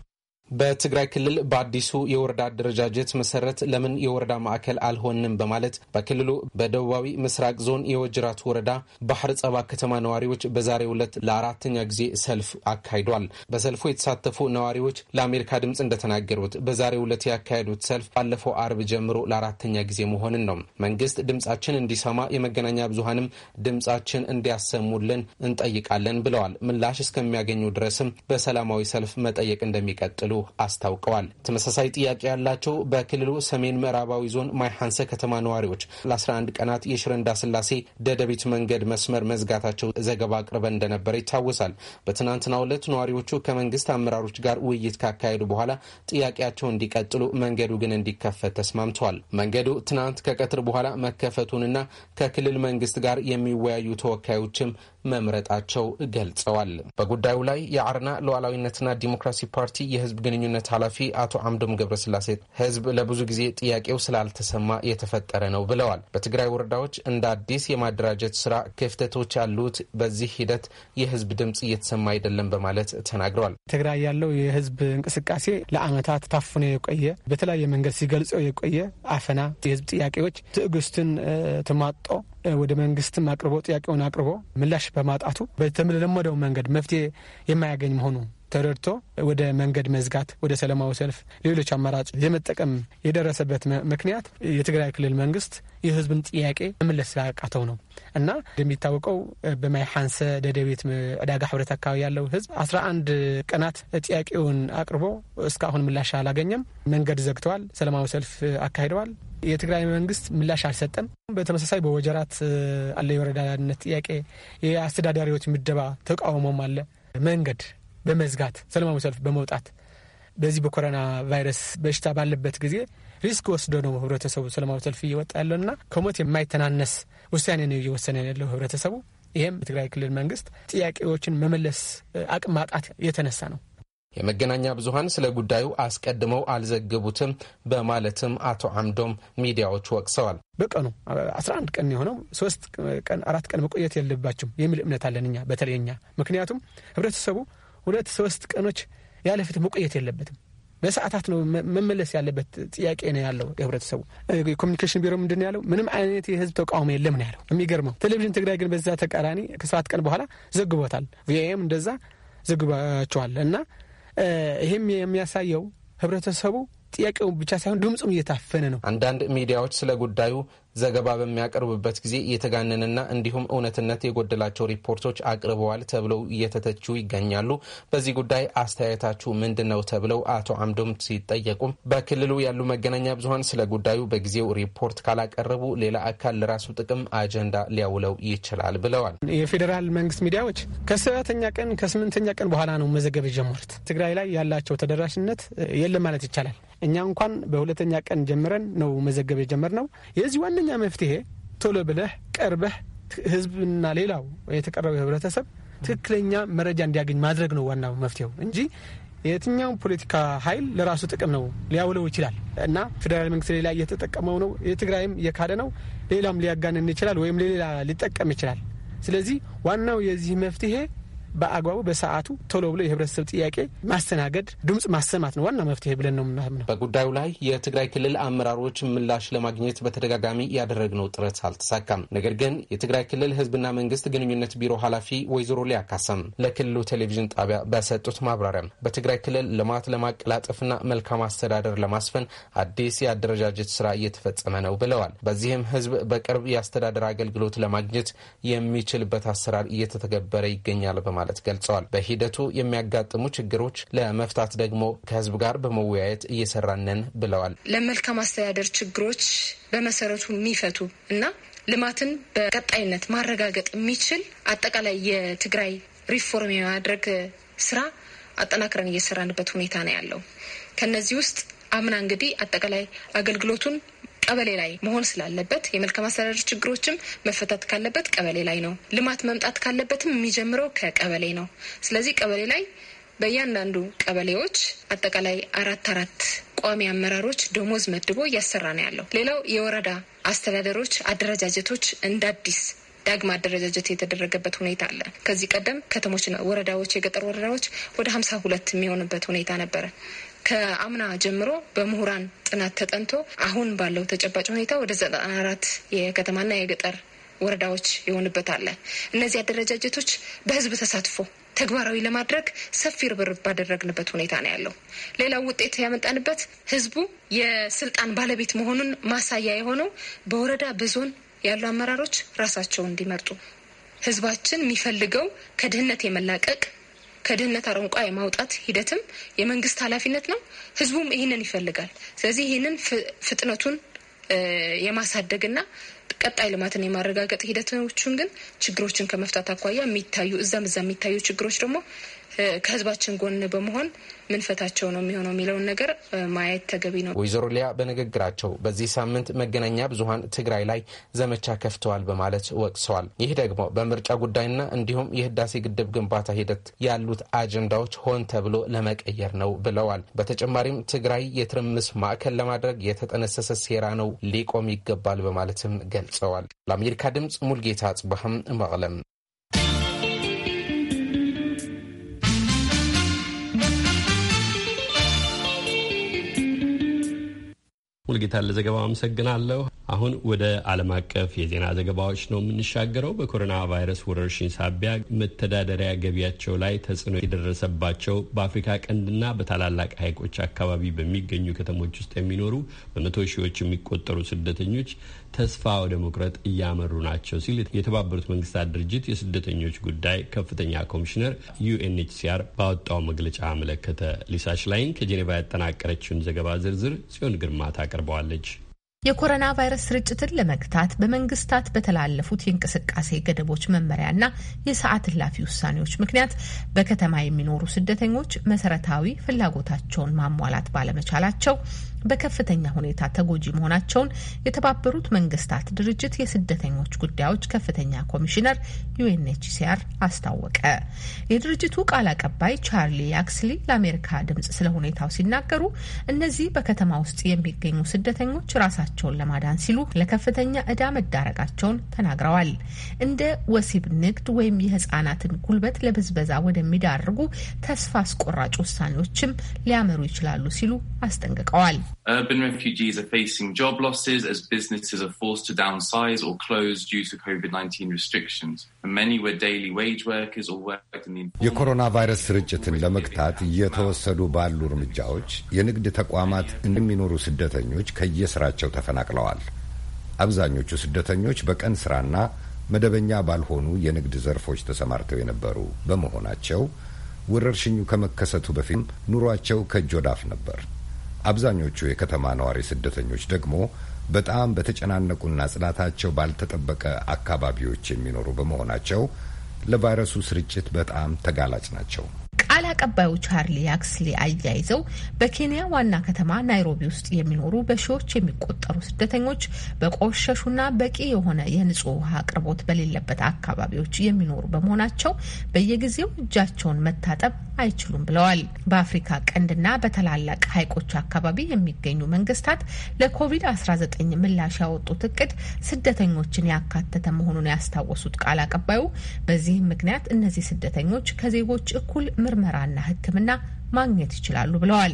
በትግራይ ክልል በአዲሱ የወረዳ አደረጃጀት መሰረት ለምን የወረዳ ማዕከል አልሆንም በማለት በክልሉ በደቡባዊ ምስራቅ ዞን የወጅራት ወረዳ ባህር ጸባ ከተማ ነዋሪዎች በዛሬው ዕለት ለአራተኛ ጊዜ ሰልፍ አካሂዷል። በሰልፉ የተሳተፉ ነዋሪዎች ለአሜሪካ ድምፅ እንደተናገሩት በዛሬው ዕለት ያካሄዱት ሰልፍ ባለፈው አርብ ጀምሮ ለአራተኛ ጊዜ መሆንን ነው። መንግስት ድምፃችን እንዲሰማ፣ የመገናኛ ብዙሀንም ድምፃችን እንዲያሰሙልን እንጠይቃለን ብለዋል። ምላሽ እስከሚያገኙ ድረስም በሰላማዊ ሰልፍ መጠየቅ እንደሚቀጥሉ አስታውቀዋል። ተመሳሳይ ጥያቄ ያላቸው በክልሉ ሰሜን ምዕራባዊ ዞን ማይሐንሰ ከተማ ነዋሪዎች ለ11 ቀናት የሽረንዳ ስላሴ ደደቢት መንገድ መስመር መዝጋታቸው ዘገባ አቅርበን እንደነበረ ይታወሳል። በትናንትናው ዕለት ነዋሪዎቹ ከመንግስት አመራሮች ጋር ውይይት ካካሄዱ በኋላ ጥያቄያቸው እንዲቀጥሉ መንገዱ ግን እንዲከፈት ተስማምተዋል። መንገዱ ትናንት ከቀትር በኋላ መከፈቱንና ከክልል መንግስት ጋር የሚወያዩ ተወካዮችም መምረጣቸው ገልጸዋል። በጉዳዩ ላይ የአርና ሉዓላዊነትና ዲሞክራሲ ፓርቲ የህዝብ ግንኙነት ኃላፊ አቶ አምዶም ገብረስላሴ ህዝብ ለብዙ ጊዜ ጥያቄው ስላልተሰማ የተፈጠረ ነው ብለዋል። በትግራይ ወረዳዎች እንደ አዲስ የማደራጀት ስራ ክፍተቶች ያሉት፣ በዚህ ሂደት የህዝብ ድምፅ እየተሰማ አይደለም በማለት ተናግረዋል። ትግራይ ያለው የህዝብ እንቅስቃሴ ለአመታት ታፍኖ የቆየ በተለያየ መንገድ ሲገልጸው የቆየ አፈና፣ የህዝብ ጥያቄዎች ትዕግስትን ተሟጦ ወደ መንግስትም አቅርቦ ጥያቄውን አቅርቦ ምላሽ በማጣቱ በተለመደው መንገድ መፍትሄ የማያገኝ መሆኑ ተረድቶ ወደ መንገድ መዝጋት፣ ወደ ሰላማዊ ሰልፍ፣ ሌሎች አማራጭ የመጠቀም የደረሰበት ምክንያት የትግራይ ክልል መንግስት የህዝብን ጥያቄ መመለስ ስላቃተው ነው እና እንደሚታወቀው በማይ ሓንሰ ደደቤት ዕዳጋ ሕብረት አካባቢ ያለው ህዝብ አስራ አንድ ቀናት ጥያቄውን አቅርቦ እስካሁን ምላሽ አላገኘም። መንገድ ዘግተዋል፣ ሰላማዊ ሰልፍ አካሂደዋል። የትግራይ መንግስት ምላሽ አልሰጠም። በተመሳሳይ በወጀራት አለ የወረዳነት ጥያቄ የአስተዳዳሪዎች ምደባ ተቃውሞም አለ መንገድ በመዝጋት ሰላማዊ ሰልፍ በመውጣት በዚህ በኮሮና ቫይረስ በሽታ ባለበት ጊዜ ሪስክ ወስዶ ነው ህብረተሰቡ ሰላማዊ ሰልፍ እየወጣ ያለውና ከሞት የማይተናነስ ውሳኔ ነው እየወሰነ ያለው ህብረተሰቡ። ይህም የትግራይ ክልል መንግስት ጥያቄዎችን መመለስ አቅም ማጣት የተነሳ ነው። የመገናኛ ብዙኃን ስለ ጉዳዩ አስቀድመው አልዘገቡትም በማለትም አቶ አምዶም ሚዲያዎች ወቅሰዋል። በቀኑ 11 ቀን የሆነው ሶስት ቀን አራት ቀን መቆየት የለባቸውም የሚል እምነት አለን እኛ በተለይ እኛ ምክንያቱም ህብረተሰቡ ሁለት ሶስት ቀኖች ያለ ፍትህ መቆየት የለበትም። በሰዓታት ነው መመለስ ያለበት ጥያቄ ነው ያለው የህብረተሰቡ። የኮሚኒኬሽን ቢሮ ምንድን ነው ያለው? ምንም አይነት የህዝብ ተቃውሞ የለም ነው ያለው። የሚገርመው ቴሌቪዥን ትግራይ ግን በዛ ተቃራኒ ከሰባት ቀን በኋላ ዘግቦታል። ቪኦኤም እንደዛ ዘግባቸዋል። እና ይህም የሚያሳየው ህብረተሰቡ ጥያቄው ብቻ ሳይሆን ድምፁም እየታፈነ ነው። አንዳንድ ሚዲያዎች ስለ ጉዳዩ ዘገባ በሚያቀርብበት ጊዜ የተጋነንና እንዲሁም እውነትነት የጎደላቸው ሪፖርቶች አቅርበዋል ተብለው እየተተቹ ይገኛሉ። በዚህ ጉዳይ አስተያየታችሁ ምንድን ነው ተብለው አቶ አምዶም ሲጠየቁም በክልሉ ያሉ መገናኛ ብዙኃን ስለ ጉዳዩ በጊዜው ሪፖርት ካላቀረቡ ሌላ አካል ለራሱ ጥቅም አጀንዳ ሊያውለው ይችላል ብለዋል። የፌዴራል መንግስት ሚዲያዎች ከሰባተኛ ቀን ከስምንተኛ ቀን በኋላ ነው መዘገብ የጀመሩት። ትግራይ ላይ ያላቸው ተደራሽነት የለም ማለት ይቻላል። እኛ እንኳን በሁለተኛ ቀን ጀምረን ነው መዘገብ ነው የዚህ ዋነኛ ትክክለኛ መፍትሄ ቶሎ ብለህ ቀርበህ ህዝብና ሌላው የተቀረበው ህብረተሰብ ትክክለኛ መረጃ እንዲያገኝ ማድረግ ነው ዋናው መፍትሄው እንጂ የትኛውም ፖለቲካ ኃይል ለራሱ ጥቅም ነው ሊያውለው ይችላል እና ፌዴራል መንግስት ሌላ እየተጠቀመው ነው፣ የትግራይም እየካደ ነው፣ ሌላም ሊያጋንን ይችላል ወይም ሌላ ሊጠቀም ይችላል። ስለዚህ ዋናው የዚህ መፍትሄ በአግባቡ በሰዓቱ ቶሎ ብሎ የህብረተሰብ ጥያቄ ማስተናገድ፣ ድምፅ ማሰማት ነው ዋና መፍትሄ ብለን ነው የምናምነው። በጉዳዩ ላይ የትግራይ ክልል አመራሮች ምላሽ ለማግኘት በተደጋጋሚ ያደረግነው ጥረት አልተሳካም። ነገር ግን የትግራይ ክልል ህዝብና መንግስት ግንኙነት ቢሮ ኃላፊ ወይዘሮ ሊያ ካሳም ለክልሉ ቴሌቪዥን ጣቢያ በሰጡት ማብራሪያ በትግራይ ክልል ልማት ለማቀላጠፍና መልካም አስተዳደር ለማስፈን አዲስ የአደረጃጀት ስራ እየተፈጸመ ነው ብለዋል። በዚህም ህዝብ በቅርብ የአስተዳደር አገልግሎት ለማግኘት የሚችልበት አሰራር እየተተገበረ ይገኛል በማለት በማለት ገልጸዋል። በሂደቱ የሚያጋጥሙ ችግሮች ለመፍታት ደግሞ ከህዝብ ጋር በመወያየት እየሰራንን ብለዋል። ለመልካም አስተዳደር ችግሮች በመሰረቱ የሚፈቱ እና ልማትን በቀጣይነት ማረጋገጥ የሚችል አጠቃላይ የትግራይ ሪፎርም የማድረግ ስራ አጠናክረን እየሰራንበት ሁኔታ ነው ያለው። ከነዚህ ውስጥ አምና እንግዲህ አጠቃላይ አገልግሎቱን ቀበሌ ላይ መሆን ስላለበት የመልካም አስተዳደር ችግሮችም መፈታት ካለበት ቀበሌ ላይ ነው። ልማት መምጣት ካለበትም የሚጀምረው ከቀበሌ ነው። ስለዚህ ቀበሌ ላይ በእያንዳንዱ ቀበሌዎች አጠቃላይ አራት አራት ቋሚ አመራሮች ደሞዝ መድቦ እያሰራ ነው ያለው። ሌላው የወረዳ አስተዳደሮች አደረጃጀቶች እንደ አዲስ ዳግም አደረጃጀት የተደረገበት ሁኔታ አለ። ከዚህ ቀደም ከተሞችና ወረዳዎች የገጠር ወረዳዎች ወደ ሀምሳ ሁለት የሚሆንበት ሁኔታ ነበረ። ከአምና ጀምሮ በምሁራን ጥናት ተጠንቶ አሁን ባለው ተጨባጭ ሁኔታ ወደ ዘጠና አራት የከተማና የገጠር ወረዳዎች የሆንበት አለ። እነዚህ አደረጃጀቶች በህዝብ ተሳትፎ ተግባራዊ ለማድረግ ሰፊ ርብርብ ባደረግንበት ሁኔታ ነው ያለው። ሌላው ውጤት ያመጣንበት ህዝቡ የስልጣን ባለቤት መሆኑን ማሳያ የሆነው በወረዳ በዞን ያሉ አመራሮች ራሳቸውን እንዲመርጡ ህዝባችን የሚፈልገው ከድህነት የመላቀቅ ከድህነት አረንቋ የማውጣት ሂደትም የመንግስት ኃላፊነት ነው። ህዝቡም ይህንን ይፈልጋል። ስለዚህ ይህንን ፍጥነቱን የማሳደግና ቀጣይ ልማትን የማረጋገጥ ሂደቶችን ግን ችግሮችን ከመፍታት አኳያ የሚታዩ እዛም እዛ የሚታዩ ችግሮች ደግሞ ከህዝባችን ጎን በመሆን ምንፈታቸው ነው የሚሆነው የሚለውን ነገር ማየት ተገቢ ነው። ወይዘሮ ሊያ በንግግራቸው በዚህ ሳምንት መገናኛ ብዙሀን ትግራይ ላይ ዘመቻ ከፍተዋል በማለት ወቅሰዋል። ይህ ደግሞ በምርጫ ጉዳይና እንዲሁም የህዳሴ ግድብ ግንባታ ሂደት ያሉት አጀንዳዎች ሆን ተብሎ ለመቀየር ነው ብለዋል። በተጨማሪም ትግራይ የትርምስ ማዕከል ለማድረግ የተጠነሰሰ ሴራ ነው፣ ሊቆም ይገባል በማለትም ገልጸዋል። ለአሜሪካ ድምጽ ሙልጌታ አጽባህም መቅለም ሙልጌታ ለዘገባው አመሰግናለሁ። አሁን ወደ ዓለም አቀፍ የዜና ዘገባዎች ነው የምንሻገረው። በኮሮና ቫይረስ ወረርሽኝ ሳቢያ መተዳደሪያ ገቢያቸው ላይ ተጽዕኖ የደረሰባቸው በአፍሪካ ቀንድና በታላላቅ ሐይቆች አካባቢ በሚገኙ ከተሞች ውስጥ የሚኖሩ በመቶ ሺዎች የሚቆጠሩ ስደተኞች ተስፋ ወደ መቁረጥ እያመሩ ናቸው ሲል የተባበሩት መንግስታት ድርጅት የስደተኞች ጉዳይ ከፍተኛ ኮሚሽነር ዩኤንኤችሲአር ባወጣው መግለጫ አመለከተ። ሊሳ ሽላይን ከጄኔቫ ያጠናቀረችውን ዘገባ ዝርዝር ጽዮን ግርማ ታቀርበዋለች። የኮሮና ቫይረስ ስርጭትን ለመግታት በመንግስታት በተላለፉት የእንቅስቃሴ ገደቦች መመሪያና የሰዓት እላፊ ውሳኔዎች ምክንያት በከተማ የሚኖሩ ስደተኞች መሰረታዊ ፍላጎታቸውን ማሟላት ባለመቻላቸው በከፍተኛ ሁኔታ ተጎጂ መሆናቸውን የተባበሩት መንግስታት ድርጅት የስደተኞች ጉዳዮች ከፍተኛ ኮሚሽነር ዩኤንኤችሲአር አስታወቀ። የድርጅቱ ቃል አቀባይ ቻርሊ ያክስሊ ለአሜሪካ ድምጽ ስለ ሁኔታው ሲናገሩ እነዚህ በከተማ ውስጥ የሚገኙ ስደተኞች ራሳቸውን ለማዳን ሲሉ ለከፍተኛ እዳ መዳረጋቸውን ተናግረዋል። እንደ ወሲብ ንግድ ወይም የህጻናትን ጉልበት ለብዝበዛ ወደሚዳርጉ ተስፋ አስቆራጭ ውሳኔዎችም ሊያመሩ ይችላሉ ሲሉ አስጠንቅቀዋል። Urban refugees are facing job losses as businesses are forced to downsize or close due to COVID-19 restrictions. And Many were daily wage workers or worked in the የኮሮና ቫይረስ ስርጭትን ለመግታት እየተወሰዱ ባሉ እርምጃዎች የንግድ ተቋማት እንደሚኖሩ ስደተኞች ከየስራቸው ተፈናቅለዋል። አብዛኞቹ ስደተኞች በቀን ስራና መደበኛ ባልሆኑ የንግድ ዘርፎች ተሰማርተው የነበሩ በመሆናቸው ወረርሽኙ ከመከሰቱ በፊት ኑሯቸው ከእጅ ወደ ነበር። አብዛኞቹ የከተማ ነዋሪ ስደተኞች ደግሞ በጣም በተጨናነቁና ጽዳታቸው ባልተጠበቀ አካባቢዎች የሚኖሩ በመሆናቸው ለቫይረሱ ስርጭት በጣም ተጋላጭ ናቸው። ቃል አቀባዩ ቻርሊ ያክስሊ አያይዘው በኬንያ ዋና ከተማ ናይሮቢ ውስጥ የሚኖሩ በሺዎች የሚቆጠሩ ስደተኞች በቆሸሹና በቂ የሆነ የንጹህ ውሃ አቅርቦት በሌለበት አካባቢዎች የሚኖሩ በመሆናቸው በየጊዜው እጃቸውን መታጠብ አይችሉም ብለዋል። በአፍሪካ ቀንድና በታላላቅ ሐይቆች አካባቢ የሚገኙ መንግስታት ለኮቪድ-19 ምላሽ ያወጡት እቅድ ስደተኞችን ያካተተ መሆኑን ያስታወሱት ቃል አቀባዩ በዚህም ምክንያት እነዚህ ስደተኞች ከዜጎች እኩል ምርመ ምርመራና ሕክምና ማግኘት ይችላሉ ብለዋል።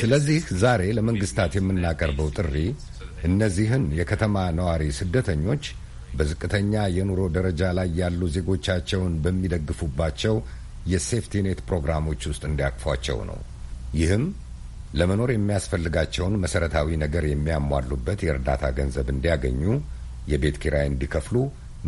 ስለዚህ ዛሬ ለመንግስታት የምናቀርበው ጥሪ እነዚህን የከተማ ነዋሪ ስደተኞች በዝቅተኛ የኑሮ ደረጃ ላይ ያሉ ዜጎቻቸውን በሚደግፉባቸው የሴፍቲኔት ፕሮግራሞች ውስጥ እንዲያቅፏቸው ነው። ይህም ለመኖር የሚያስፈልጋቸውን መሰረታዊ ነገር የሚያሟሉበት የእርዳታ ገንዘብ እንዲያገኙ፣ የቤት ኪራይ እንዲከፍሉ፣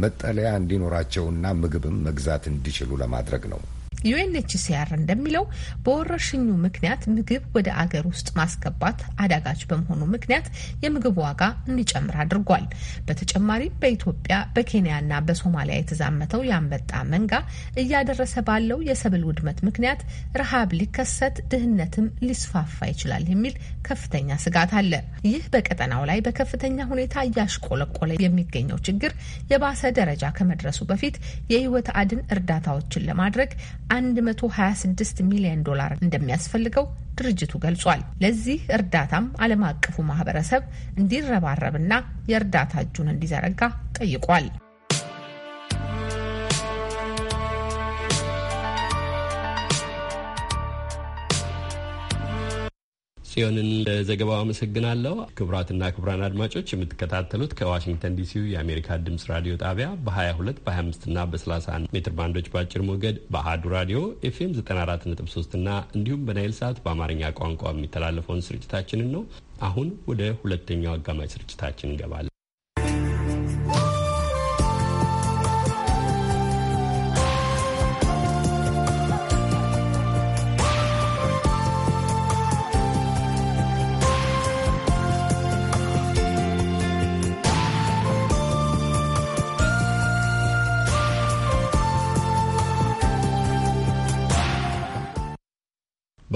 መጠለያ እንዲኖራቸውና ምግብም መግዛት እንዲችሉ ለማድረግ ነው። ዩኤንኤችሲአር እንደሚለው በወረርሽኙ ምክንያት ምግብ ወደ አገር ውስጥ ማስገባት አዳጋች በመሆኑ ምክንያት የምግብ ዋጋ እንዲጨምር አድርጓል። በተጨማሪም በኢትዮጵያ በኬንያና በሶማሊያ የተዛመተው የአንበጣ መንጋ እያደረሰ ባለው የሰብል ውድመት ምክንያት ረሃብ ሊከሰት ድህነትም ሊስፋፋ ይችላል የሚል ከፍተኛ ስጋት አለ። ይህ በቀጠናው ላይ በከፍተኛ ሁኔታ እያሽቆለቆለ የሚገኘው ችግር የባሰ ደረጃ ከመድረሱ በፊት የህይወት አድን እርዳታዎችን ለማድረግ 126 ሚሊዮን ዶላር እንደሚያስፈልገው ድርጅቱ ገልጿል። ለዚህ እርዳታም ዓለም አቀፉ ማህበረሰብ እንዲረባረብና የእርዳታ እጁን እንዲዘረጋ ጠይቋል። ጽዮንን ለዘገባው አመሰግናለሁ። ክቡራትና ክቡራን አድማጮች የምትከታተሉት ከዋሽንግተን ዲሲ የአሜሪካ ድምጽ ራዲዮ ጣቢያ በ22 በ25ና በ31 ሜትር ባንዶች በአጭር ሞገድ በአሀዱ ራዲዮ ኤፍኤም 943 እና እንዲሁም በናይል ሰዓት በአማርኛ ቋንቋ የሚተላለፈውን ስርጭታችንን ነው። አሁን ወደ ሁለተኛው አጋማሽ ስርጭታችን እንገባለን።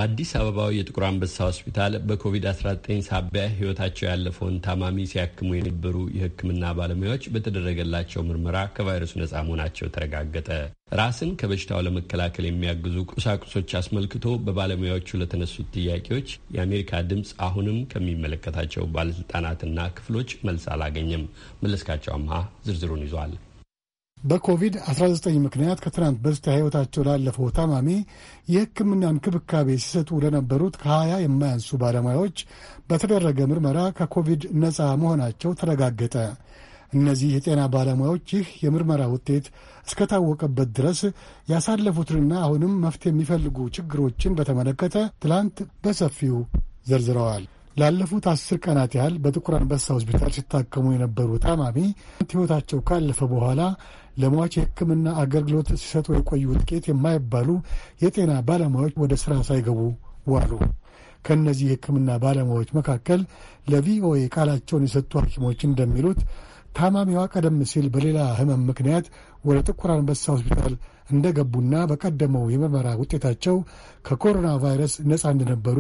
በአዲስ አበባው የጥቁር አንበሳ ሆስፒታል በኮቪድ-19 ሳቢያ ሕይወታቸው ያለፈውን ታማሚ ሲያክሙ የነበሩ የህክምና ባለሙያዎች በተደረገላቸው ምርመራ ከቫይረሱ ነፃ መሆናቸው ተረጋገጠ። ራስን ከበሽታው ለመከላከል የሚያግዙ ቁሳቁሶች አስመልክቶ በባለሙያዎቹ ለተነሱት ጥያቄዎች የአሜሪካ ድምፅ አሁንም ከሚመለከታቸው ባለስልጣናትና ክፍሎች መልስ አላገኘም። መለስካቸው አምሃ ዝርዝሩን ይዟል። በኮቪድ-19 ምክንያት ከትናንት በስቲያ ሕይወታቸው ላለፈው ታማሚ የሕክምና እንክብካቤ ሲሰጡ ለነበሩት ከሀያ የማያንሱ ባለሙያዎች በተደረገ ምርመራ ከኮቪድ ነፃ መሆናቸው ተረጋገጠ። እነዚህ የጤና ባለሙያዎች ይህ የምርመራ ውጤት እስከታወቀበት ድረስ ያሳለፉትንና አሁንም መፍትሄ የሚፈልጉ ችግሮችን በተመለከተ ትላንት በሰፊው ዘርዝረዋል። ላለፉት አስር ቀናት ያህል በጥቁር አንበሳ ሆስፒታል ሲታከሙ የነበሩ ታማሚ ሕይወታቸው ካለፈ በኋላ ለሟች የሕክምና አገልግሎት ሲሰጡ የቆዩ ጥቂት የማይባሉ የጤና ባለሙያዎች ወደ ሥራ ሳይገቡ ዋሉ። ከእነዚህ የሕክምና ባለሙያዎች መካከል ለቪኦኤ ቃላቸውን የሰጡ ሐኪሞች እንደሚሉት ታማሚዋ ቀደም ሲል በሌላ ህመም ምክንያት ወደ ጥቁር አንበሳ ሆስፒታል እንደገቡና በቀደመው የምርመራ ውጤታቸው ከኮሮና ቫይረስ ነፃ እንደነበሩ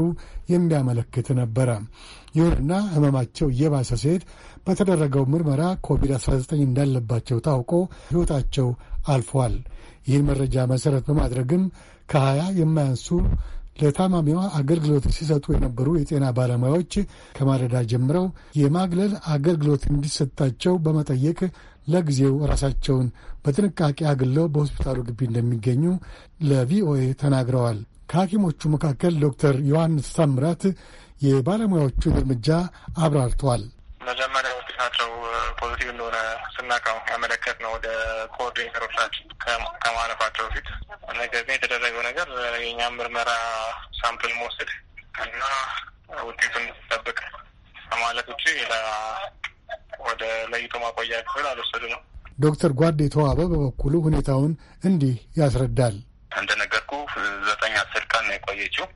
የሚያመለክት ነበረ። ይሁንና ህመማቸው እየባሰ ሲሄድ በተደረገው ምርመራ ኮቪድ-19 እንዳለባቸው ታውቆ ሕይወታቸው አልፏል። ይህን መረጃ መሠረት በማድረግም ከሀያ የማያንሱ ለታማሚዋ አገልግሎት ሲሰጡ የነበሩ የጤና ባለሙያዎች ከማለዳ ጀምረው የማግለል አገልግሎት እንዲሰጣቸው በመጠየቅ ለጊዜው ራሳቸውን በጥንቃቄ አግለው በሆስፒታሉ ግቢ እንደሚገኙ ለቪኦኤ ተናግረዋል። ከሐኪሞቹ መካከል ዶክተር ዮሐንስ ታምራት የባለሙያዎቹን እርምጃ አብራርተዋል። መጀመሪያ ውጤታቸው ፖዚቲቭ እንደሆነ ስናቀው ያመለከት ነው ወደ ኮኦርዲኔተሮቻችን ከማለፋቸው በፊት። ነገር ግን የተደረገው ነገር የእኛም ምርመራ ሳምፕል መውሰድ እና ውጤቱን ጠብቅ ከማለት ውጭ ወደ ለይቶ ማቆያ ክፍል አልወሰዱ ነው። ዶክተር ጓዴ ተዋበ በበኩሉ ሁኔታውን እንዲህ ያስረዳል። እንደነገርኩ ዘጠኝ አስር ቀን ነው የቆየችው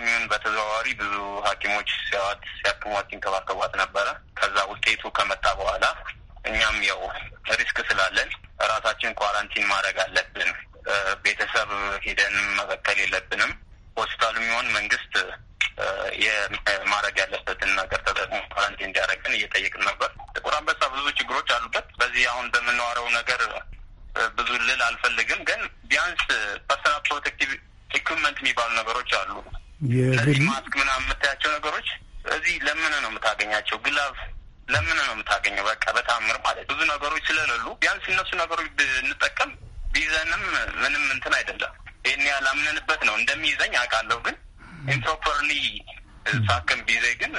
በቀጥታሚውን በተዘዋዋሪ ብዙ ሐኪሞች ሲያዋት ሲያክሟት ሲንከባከቧት ነበረ። ከዛ ውጤቱ ከመጣ በኋላ እኛም ያው ሪስክ ስላለን ራሳችን ኳራንቲን ማድረግ አለብን። ቤተሰብ ሂደን መበከል የለብንም። ሆስፒታሉ የሚሆን መንግስት የማድረግ ያለበትን ነገር ተጠቅሞ ኳራንቲን እንዲያደርግን እየጠየቅን ነበር። ጥቁር አንበሳ ብዙ ችግሮች አሉበት። በዚህ አሁን በምናወራው ነገር ብዙ ልል አልፈልግም፣ ግን ቢያንስ ፐርሰናል ፕሮቴክቲቭ ኢኩፕመንት የሚባሉ ነገሮች አሉ። ማስክ ምናምን የምታያቸው ነገሮች እዚህ ለምን ነው የምታገኛቸው? ግላቭ ለምን ነው የምታገኘው? በቃ በታምር ማለት ብዙ ነገሮች ስለሌሉ ቢያንስ እነሱ ነገሮች ብንጠቀም ቢዘንም ምንም እንትን አይደለም። ይህን ያህል አምነንበት ነው እንደሚይዘኝ አውቃለሁ። ግን ኢምፕሮፐርሊ ሳክም ቢይዘኝ ግን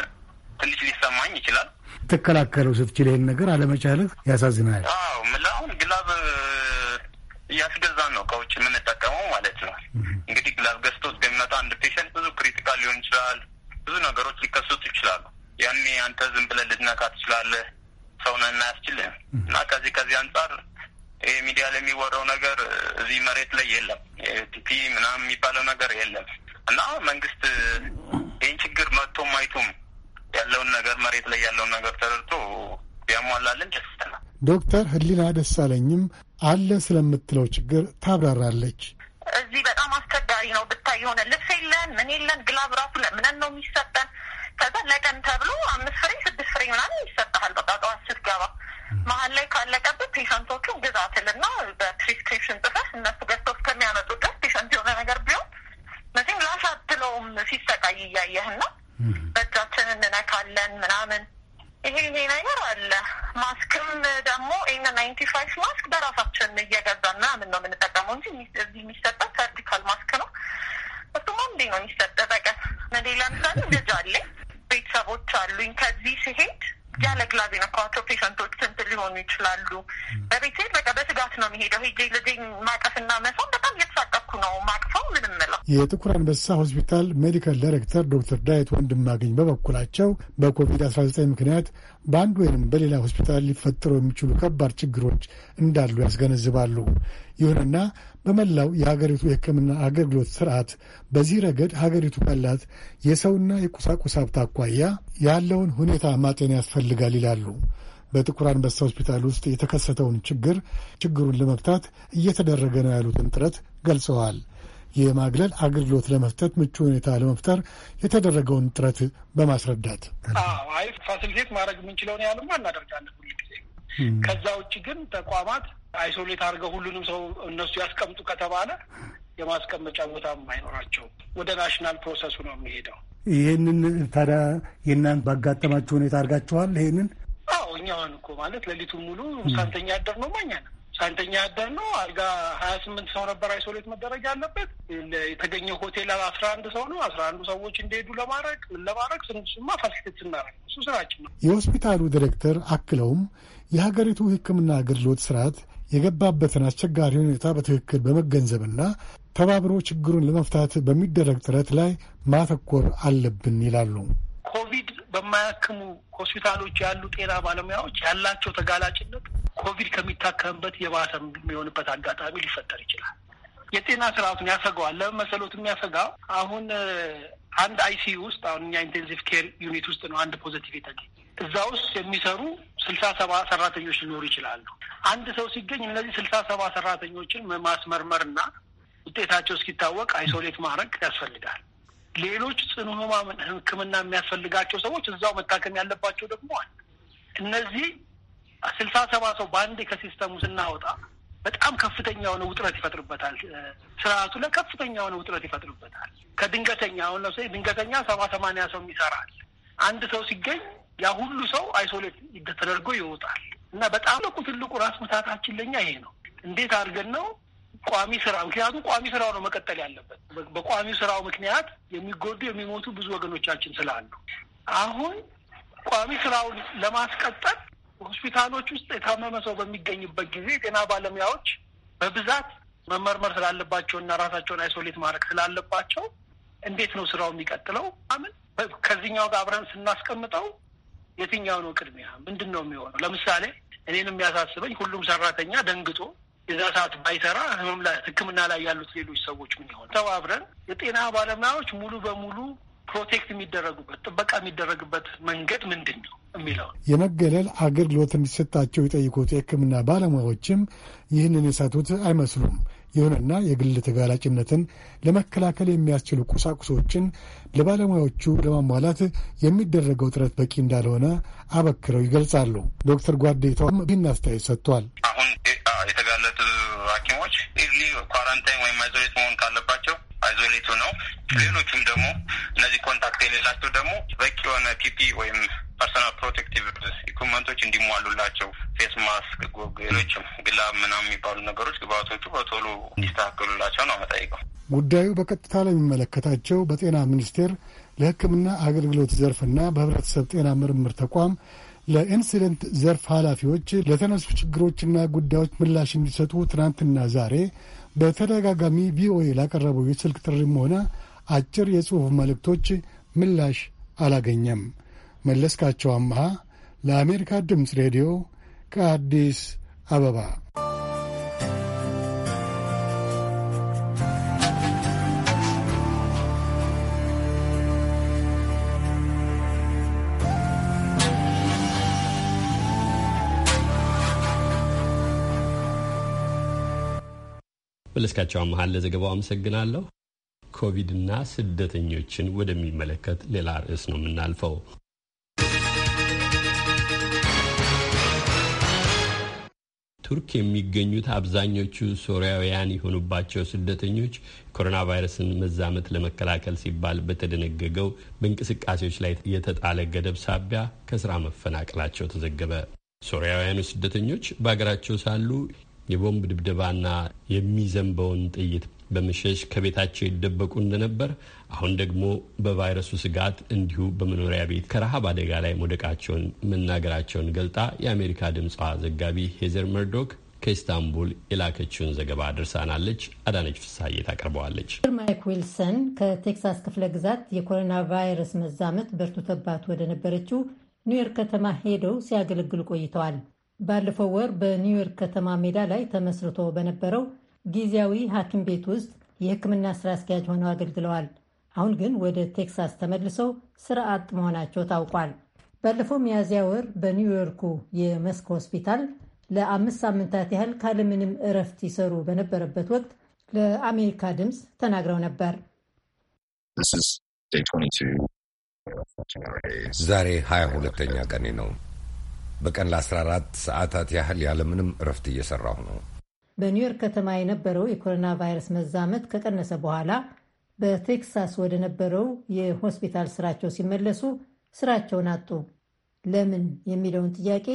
ትንሽ ሊሰማኝ ይችላል። ትከላከለው ስትችል ይህን ነገር አለመቻልህ ያሳዝናል። አዎ ግላብ እያስገዛን ነው እቃዎች የምንጠቀመው ማለት ነው። እንግዲህ ግላስ ገዝቶ የሚመጣ አንድ ፔሸንት ብዙ ክሪቲካል ሊሆን ይችላል። ብዙ ነገሮች ሊከሰቱ ይችላሉ። ያኔ አንተ ዝም ብለህ ልትነካ ትችላለህ። ሰውነና ያስችልህም እና ከዚህ ከዚህ አንጻር ይሄ ሚዲያ ላይ የሚወራው ነገር እዚህ መሬት ላይ የለም። ፒፒ ምናምን የሚባለው ነገር የለም እና መንግስት ይህን ችግር መጥቶ ማይቱም ያለውን ነገር መሬት ላይ ያለውን ነገር ተደርቶ ቢያሟላልን ደስተናል። ዶክተር ህሊና ደሳለኝም አለ ስለምትለው ችግር ታብራራለች። እዚህ በጣም አስቸጋሪ ነው ብታይ፣ የሆነ ልብስ የለን ምን የለን ግላብ ራሱ ለምነን ነው የሚሰጠን። ከዛ ለቀን ተብሎ አምስት ፍሬ ስድስት ፍሬ ምናምን ይሰጠሃል። በቃ ጠዋት ስትገባ መሀል ላይ ካለቀበት ፔሸንቶቹን ግዛትልና በፕሪስክሪፕሽን ጽፈህ እነሱ ገዝተው እስከሚያመጡ ድረስ ፔሸንት የሆነ ነገር ቢሆን መቼም ላሻትለውም ሲሰቃይ እያየህና በእጃችን እንነካለን ምናምን ይሄ ይሄ ነገር አለ ማስክም ደግሞ ይህን ናይንቲ ፋይቭ ማስክ በራሳችን እየገዛ ና ምን ነው የምንጠቀመው እንጂ እዚህ የሚሰጠው ሰርጂካል ማስክ ነው። እሱማ እንዴ ነው የሚሰጠ በቀን እኔ ለምሳሌ ልጅ አለኝ፣ ቤተሰቦች አሉኝ። ከዚህ ሲሄድ ያለ ግላቤ ነኳቸው ፔሸንቶች ስንት ሊሆኑ ይችላሉ። በቤት ስሄድ በቃ በስጋት ነው የሚሄደው። ሄጄ ልጄን ማቀፍና መሳም በጣም የጥቁር አንበሳ ሆስፒታል ሜዲካል ዳይሬክተር ዶክተር ዳይት ወንድማገኝ በበኩላቸው በኮቪድ-19 ምክንያት በአንድ ወይንም በሌላ ሆስፒታል ሊፈጠሩ የሚችሉ ከባድ ችግሮች እንዳሉ ያስገነዝባሉ። ይሁንና በመላው የሀገሪቱ የሕክምና አገልግሎት ስርዓት በዚህ ረገድ ሀገሪቱ ካላት የሰውና የቁሳቁስ ሀብት አኳያ ያለውን ሁኔታ ማጤን ያስፈልጋል ይላሉ። በጥቁር አንበሳ ሆስፒታል ውስጥ የተከሰተውን ችግር ችግሩን ለመፍታት እየተደረገ ነው ያሉትን ጥረት ገልጸዋል። የማግለል አገልግሎት ለመስጠት ምቹ ሁኔታ ለመፍጠር የተደረገውን ጥረት በማስረዳት አይ ፋሲሊቴት ማድረግ የምንችለውን ያህልማ እናደርጋለን ሁሉ ጊዜ። ከዛ ውጭ ግን ተቋማት አይሶሌት አድርገው ሁሉንም ሰው እነሱ ያስቀምጡ ከተባለ የማስቀመጫ ቦታም አይኖራቸው። ወደ ናሽናል ፕሮሰሱ ነው የሚሄደው። ይህንን ታዲያ የእናንተ ባጋጠማችሁ ሁኔታ አድርጋችኋል? ይህንን አዎ እኛውን እኮ ማለት ሌሊቱን ሙሉ ሳንተኛ ያደር ነው ማኛ ነው ሳንተኛ ያደር ነው። አልጋ ሀያ ስምንት ሰው ነበር አይሶሌት መደረግ ያለበት። የተገኘው ሆቴል አስራ አንድ ሰው ነው። አስራ አንዱ ሰዎች እንደሄዱ ለማድረግ ምን ለማድረግ ስንሱማ ፋሲሊቴት ስናደርግ እሱ ስራችን ነው። የሆስፒታሉ ዲሬክተር አክለውም የሀገሪቱ ሕክምና አገልግሎት ስርዓት የገባበትን አስቸጋሪ ሁኔታ በትክክል በመገንዘብና ተባብሮ ችግሩን ለመፍታት በሚደረግ ጥረት ላይ ማተኮር አለብን ይላሉ። ኮቪድ በማያክሙ ሆስፒታሎች ያሉ ጤና ባለሙያዎች ያላቸው ተጋላጭነት ኮቪድ ከሚታከምበት የባሰ የሚሆንበት አጋጣሚ ሊፈጠር ይችላል። የጤና ስርዓቱን ያሰገዋል። ለምን መሰሎት የሚያሰጋው አሁን አንድ አይሲዩ ውስጥ አሁን እኛ ኢንቴንሲቭ ኬር ዩኒት ውስጥ ነው አንድ ፖዘቲቭ የተገኘ እዛ ውስጥ የሚሰሩ ስልሳ ሰባ ሰራተኞች ሊኖሩ ይችላሉ። አንድ ሰው ሲገኝ እነዚህ ስልሳ ሰባ ሰራተኞችን ማስመርመርና ውጤታቸው እስኪታወቅ አይሶሌት ማድረግ ያስፈልጋል። ሌሎች ጽኑ ሕሙማን ሕክምና የሚያስፈልጋቸው ሰዎች እዛው መታከም ያለባቸው ደግሞ አለ። እነዚህ ስልሳ ሰባ ሰው በአንድ ከሲስተሙ ስናወጣ በጣም ከፍተኛ የሆነ ውጥረት ይፈጥርበታል። ስርዓቱ ላይ ከፍተኛ የሆነ ውጥረት ይፈጥርበታል። ከድንገተኛ አሁን ለምሳሌ ድንገተኛ ሰባ ሰማንያ ሰው ይሰራል። አንድ ሰው ሲገኝ ያ ሁሉ ሰው አይሶሌት ተደርጎ ይወጣል እና በጣም ለቁ ትልቁ ራስ ምታታችን ለኛ ይሄ ነው። እንዴት አድርገን ነው ቋሚ ስራ ምክንያቱም ቋሚ ስራው ነው መቀጠል ያለበት። በቋሚው ስራው ምክንያት የሚጎዱ የሚሞቱ ብዙ ወገኖቻችን ስላሉ አሁን ቋሚ ስራውን ለማስቀጠል ሆስፒታሎች ውስጥ የታመመ ሰው በሚገኝበት ጊዜ የጤና ባለሙያዎች በብዛት መመርመር ስላለባቸው እና ራሳቸውን አይሶሌት ማድረግ ስላለባቸው እንዴት ነው ስራው የሚቀጥለው? አምን ከዚህኛው ጋር አብረን ስናስቀምጠው የትኛው ነው ቅድሚያ ምንድን ነው የሚሆነው? ለምሳሌ እኔንም የሚያሳስበኝ ሁሉም ሰራተኛ ደንግጦ የዛ ሰዓት ባይሰራ ህመም ላይ ላይ ያሉት ሌሎች ሰዎች ምን ይሆን? ተባብረን የጤና ባለሙያዎች ሙሉ በሙሉ ፕሮቴክት የሚደረጉበት ጥበቃ የሚደረግበት መንገድ ምንድን ነው? የሚለው የመገለል አገልግሎት እንዲሰጣቸው የጠይቁት የሕክምና ባለሙያዎችም ይህንን የሳቱት አይመስሉም። ይሁንና የግል ተጋላጭነትን ለመከላከል የሚያስችሉ ቁሳቁሶችን ለባለሙያዎቹ ለማሟላት የሚደረገው ጥረት በቂ እንዳልሆነ አበክረው ይገልጻሉ። ዶክተር ጓዴታውም ይህን አስተያየት ሰጥቷል። አሁን የተጋለጡ ሐኪሞች ኢዝሊ ኳራንታይን ወይም አይዞሌት መሆን ካለባቸው አይዞሌቱ ነው። ሌሎቹም ደግሞ እነዚህ ኮንታክት የሌላቸው ደግሞ በቂ የሆነ ፒፒ ወይም ፐርሰናል ፕሮቴክቲቭ ኢኩመንቶች እንዲሟሉላቸው ፌስ ማስክ፣ ጎግሎችም ግላ ምናም የሚባሉ ነገሮች ግብአቶቹ በቶሎ እንዲስተካከሉላቸው ነው መጠይቀው። ጉዳዩ በቀጥታ ለሚመለከታቸው በጤና ሚኒስቴር ለሕክምና አገልግሎት ዘርፍና በህብረተሰብ ጤና ምርምር ተቋም ለኢንሲደንት ዘርፍ ኃላፊዎች ለተነሱ ችግሮችና ጉዳዮች ምላሽ እንዲሰጡ ትናንትና ዛሬ በተደጋጋሚ ቪኦኤ ላቀረበው የስልክ ጥሪም ሆነ አጭር የጽሑፍ መልእክቶች ምላሽ አላገኘም። መለስካቸው አምሃ ለአሜሪካ ድምፅ ሬዲዮ ከአዲስ አበባ መለስካቸው አመሃል ለዘገባው አመሰግናለሁ። ኮቪድና ስደተኞችን ወደሚመለከት ሌላ ርዕስ ነው የምናልፈው። ቱርክ የሚገኙት አብዛኞቹ ሶሪያውያን የሆኑባቸው ስደተኞች ኮሮና ቫይረስን መዛመት ለመከላከል ሲባል በተደነገገው በእንቅስቃሴዎች ላይ የተጣለ ገደብ ሳቢያ ከስራ መፈናቀላቸው ተዘገበ። ሶሪያውያኑ ስደተኞች በሀገራቸው ሳሉ የቦምብ ድብደባና የሚዘንበውን ጥይት በመሸሽ ከቤታቸው ይደበቁ እንደነበር አሁን ደግሞ በቫይረሱ ስጋት እንዲሁ በመኖሪያ ቤት ከረሃብ አደጋ ላይ መውደቃቸውን መናገራቸውን ገልጣ የአሜሪካ ድምፅ ዘጋቢ ሄዘር መርዶክ ከኢስታንቡል የላከችውን ዘገባ አድርሳናለች። አዳነች ፍሳዬ ታቀርበዋለች። ማይክ ዊልሰን ከቴክሳስ ክፍለ ግዛት የኮሮና ቫይረስ መዛመት በርቱተባት ወደ ነበረችው ኒውዮርክ ከተማ ሄደው ሲያገለግሉ ቆይተዋል። ባለፈው ወር በኒውዮርክ ከተማ ሜዳ ላይ ተመስርቶ በነበረው ጊዜያዊ ሐኪም ቤት ውስጥ የሕክምና ስራ አስኪያጅ ሆነው አገልግለዋል። አሁን ግን ወደ ቴክሳስ ተመልሰው ስራ አጥ መሆናቸው ታውቋል። ባለፈው ሚያዝያ ወር በኒውዮርኩ የመስክ ሆስፒታል ለአምስት ሳምንታት ያህል ካለምንም እረፍት ይሰሩ በነበረበት ወቅት ለአሜሪካ ድምፅ ተናግረው ነበር። ዛሬ 22ተኛ ቀኔ ነው። በቀን ለ14 ሰዓታት ያህል ያለምንም እረፍት እየሰራሁ ነው። በኒውዮርክ ከተማ የነበረው የኮሮና ቫይረስ መዛመት ከቀነሰ በኋላ በቴክሳስ ወደ ነበረው የሆስፒታል ስራቸው ሲመለሱ ስራቸውን አጡ። ለምን የሚለውን ጥያቄ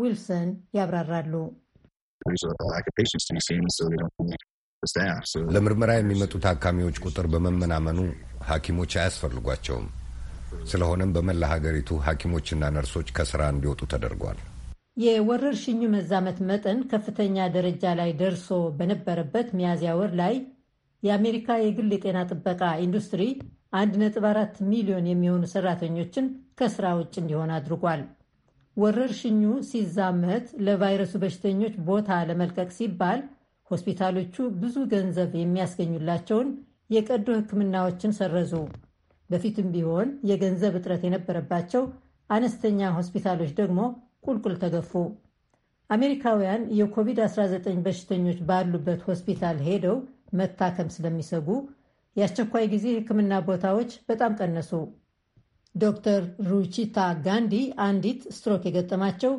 ዊልሰን ያብራራሉ። ለምርመራ የሚመጡ ታካሚዎች ቁጥር በመመናመኑ ሐኪሞች አያስፈልጓቸውም። ስለሆነም በመላ ሀገሪቱ ሐኪሞችና ነርሶች ከስራ እንዲወጡ ተደርጓል። የወረርሽኙ መዛመት መጠን ከፍተኛ ደረጃ ላይ ደርሶ በነበረበት ሚያዝያ ወር ላይ የአሜሪካ የግል የጤና ጥበቃ ኢንዱስትሪ 1.4 ሚሊዮን የሚሆኑ ሰራተኞችን ከስራ ውጭ እንዲሆን አድርጓል። ወረርሽኙ ሲዛመት ለቫይረሱ በሽተኞች ቦታ ለመልቀቅ ሲባል ሆስፒታሎቹ ብዙ ገንዘብ የሚያስገኙላቸውን የቀዶ ሕክምናዎችን ሰረዙ። በፊትም ቢሆን የገንዘብ እጥረት የነበረባቸው አነስተኛ ሆስፒታሎች ደግሞ ቁልቁል ተገፉ። አሜሪካውያን የኮቪድ-19 በሽተኞች ባሉበት ሆስፒታል ሄደው መታከም ስለሚሰጉ የአስቸኳይ ጊዜ ሕክምና ቦታዎች በጣም ቀነሱ። ዶክተር ሩቺታ ጋንዲ አንዲት ስትሮክ የገጠማቸው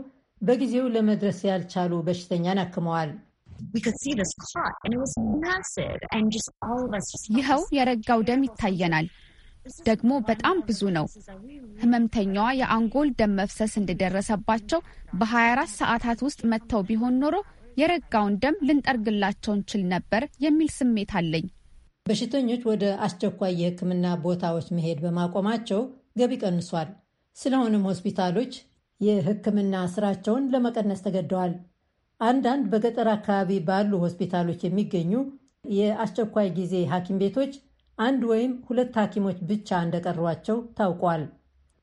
በጊዜው ለመድረስ ያልቻሉ በሽተኛን አክመዋል። ይኸው የረጋው ደም ይታየናል። ደግሞ በጣም ብዙ ነው። ህመምተኛዋ የአንጎል ደም መፍሰስ እንደደረሰባቸው በ24 ሰዓታት ውስጥ መጥተው ቢሆን ኖሮ የረጋውን ደም ልንጠርግላቸው እንችል ነበር የሚል ስሜት አለኝ። በሽተኞች ወደ አስቸኳይ የሕክምና ቦታዎች መሄድ በማቆማቸው ገቢ ቀንሷል። ስለሆነም ሆስፒታሎች የሕክምና ስራቸውን ለመቀነስ ተገደዋል። አንዳንድ በገጠር አካባቢ ባሉ ሆስፒታሎች የሚገኙ የአስቸኳይ ጊዜ ሐኪም ቤቶች አንድ ወይም ሁለት ሐኪሞች ብቻ እንደቀሯቸው ታውቋል።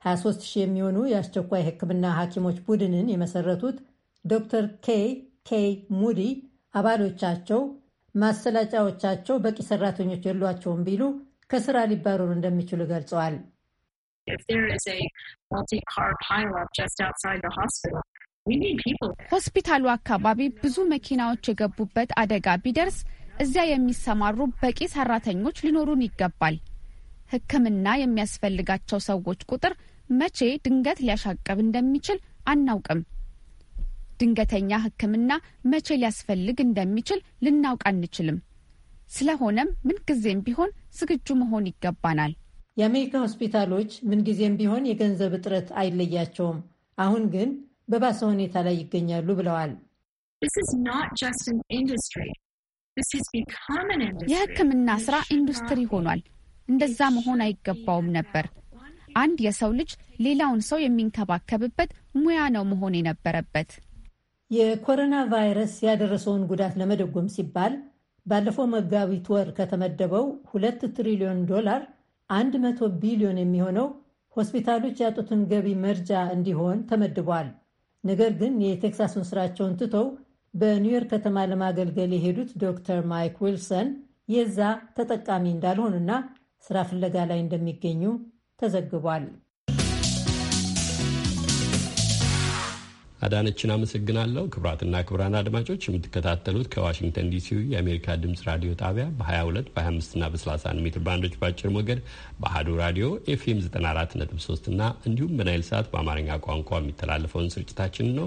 23 ሺህ የሚሆኑ የአስቸኳይ ሕክምና ሐኪሞች ቡድንን የመሰረቱት ዶክተር ኬይ ኬይ ሙዲ አባሎቻቸው ማሰላጫዎቻቸው በቂ ሰራተኞች የሏቸውም ቢሉ ከስራ ሊባረሩ እንደሚችሉ ገልጸዋል። ሆስፒታሉ አካባቢ ብዙ መኪናዎች የገቡበት አደጋ ቢደርስ እዚያ የሚሰማሩ በቂ ሰራተኞች ሊኖሩን ይገባል። ሕክምና የሚያስፈልጋቸው ሰዎች ቁጥር መቼ ድንገት ሊያሻቅብ እንደሚችል አናውቅም። ድንገተኛ ሕክምና መቼ ሊያስፈልግ እንደሚችል ልናውቅ አንችልም። ስለሆነም ምንጊዜም ቢሆን ዝግጁ መሆን ይገባናል። የአሜሪካ ሆስፒታሎች ምንጊዜም ቢሆን የገንዘብ እጥረት አይለያቸውም። አሁን ግን በባሰ ሁኔታ ላይ ይገኛሉ ብለዋል። የህክምና ስራ ኢንዱስትሪ ሆኗል። እንደዛ መሆን አይገባውም ነበር። አንድ የሰው ልጅ ሌላውን ሰው የሚንከባከብበት ሙያ ነው መሆን የነበረበት። የኮሮና ቫይረስ ያደረሰውን ጉዳት ለመደጎም ሲባል ባለፈው መጋቢት ወር ከተመደበው ሁለት ትሪሊዮን ዶላር መቶ ቢሊዮን የሚሆነው ሆስፒታሎች ያጡትን ገቢ መርጃ እንዲሆን ተመድቧል። ነገር ግን የቴክሳሱን ስራቸውን ትተው በኒውዮርክ ከተማ ለማገልገል የሄዱት ዶክተር ማይክ ዊልሰን የዛ ተጠቃሚ እንዳልሆኑና ስራ ፍለጋ ላይ እንደሚገኙ ተዘግቧል። አዳነችን አመሰግናለሁ። ክብራትና ክብራን አድማጮች የምትከታተሉት ከዋሽንግተን ዲሲ የአሜሪካ ድምጽ ራዲዮ ጣቢያ በ22 በ25ና በ31 ሜትር ባንዶች በአጭር ሞገድ በአህዶ ራዲዮ ኤፍኤም 94.3 እና እንዲሁም በናይል ሰዓት በአማርኛ ቋንቋ የሚተላለፈውን ስርጭታችን ነው።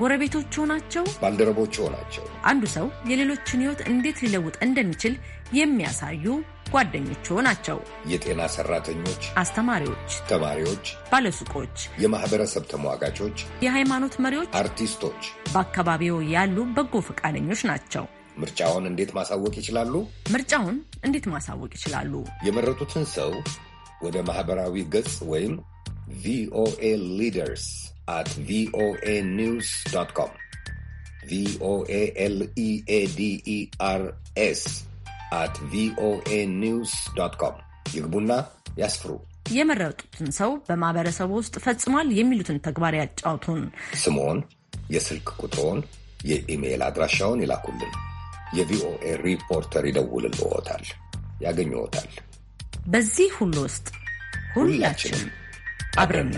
ጎረቤቶቹ ናቸው፣ ባልደረቦቹ ናቸው። አንዱ ሰው የሌሎችን ሕይወት እንዴት ሊለውጥ እንደሚችል የሚያሳዩ ጓደኞቹ ናቸው። የጤና ሰራተኞች፣ አስተማሪዎች፣ ተማሪዎች፣ ባለሱቆች፣ የማህበረሰብ ተሟጋቾች፣ የሃይማኖት መሪዎች፣ አርቲስቶች፣ በአካባቢው ያሉ በጎ ፈቃደኞች ናቸው። ምርጫውን እንዴት ማሳወቅ ይችላሉ? ምርጫውን እንዴት ማሳወቅ ይችላሉ? የመረጡትን ሰው ወደ ማህበራዊ ገጽ ወይም ቪኦኤ ሊደርስ at ቪኦኤ ኒውስ ዶት ኮም ቪኦኤ ኤልኢኤዲኢአርኤስ አት ቪኦኤ ኒውስ ዶት ኮም ይግቡና ያስፍሩ። የመረጡትን ሰው በማህበረሰቡ ውስጥ ፈጽሟል የሚሉትን ተግባር ያጫውቱን። ስሞን የስልክ ቁጥሮን፣ የኢሜይል አድራሻውን ይላኩልን። የቪኦኤ ሪፖርተር ይደውልልዎታል፣ ያገኘዎታል። በዚህ ሁሉ ውስጥ ሁላችንም አብረን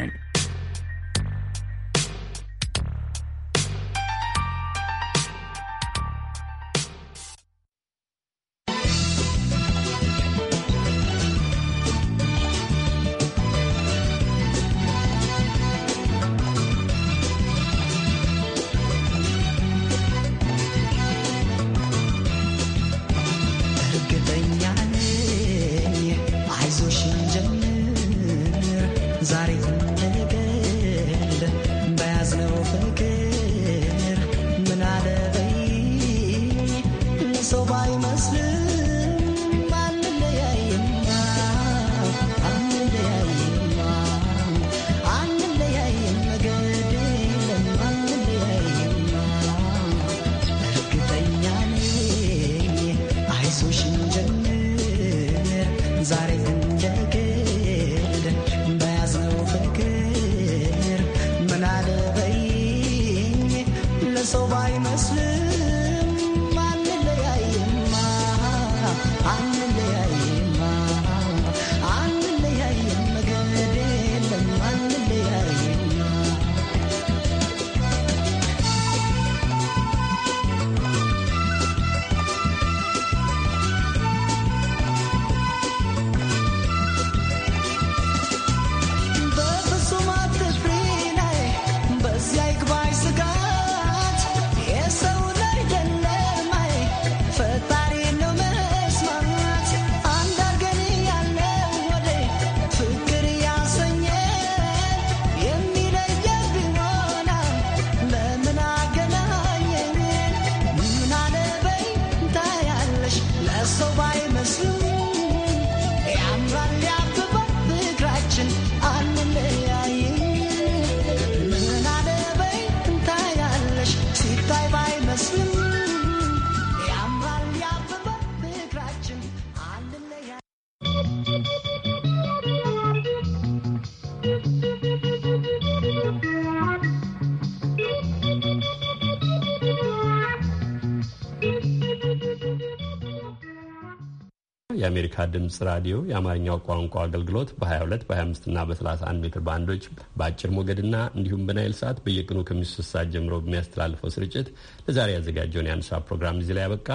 የአሜሪካ ድምጽ ራዲዮ የአማርኛው ቋንቋ አገልግሎት በ22 በ25 እና በ31 ሜትር ባንዶች በአጭር ሞገድና እንዲሁም በናይል ሰዓት በየቀኑ ከምሽቱ ሶስት ሰዓት ጀምሮ በሚያስተላልፈው ስርጭት ለዛሬ ያዘጋጀውን የአንድ ሰዓት ፕሮግራም እዚህ ላይ ያበቃ።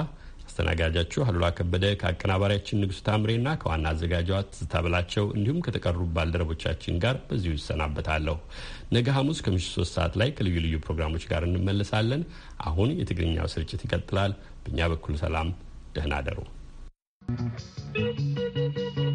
አስተናጋጃችሁ አሉላ ከበደ ከአቀናባሪያችን ንጉሥ ታምሬና ከዋና አዘጋጇ ትዝታ እንዲሁም ከተቀሩ ባልደረቦቻችን ጋር በዚሁ ይሰናበታለሁ። ነገ ሐሙስ ከምሽቱ ሶስት ሰዓት ላይ ከልዩ ልዩ ፕሮግራሞች ጋር እንመለሳለን። አሁን የትግርኛው ስርጭት ይቀጥላል። በእኛ በኩል ሰላም፣ ደህና አደሩ። Thank you.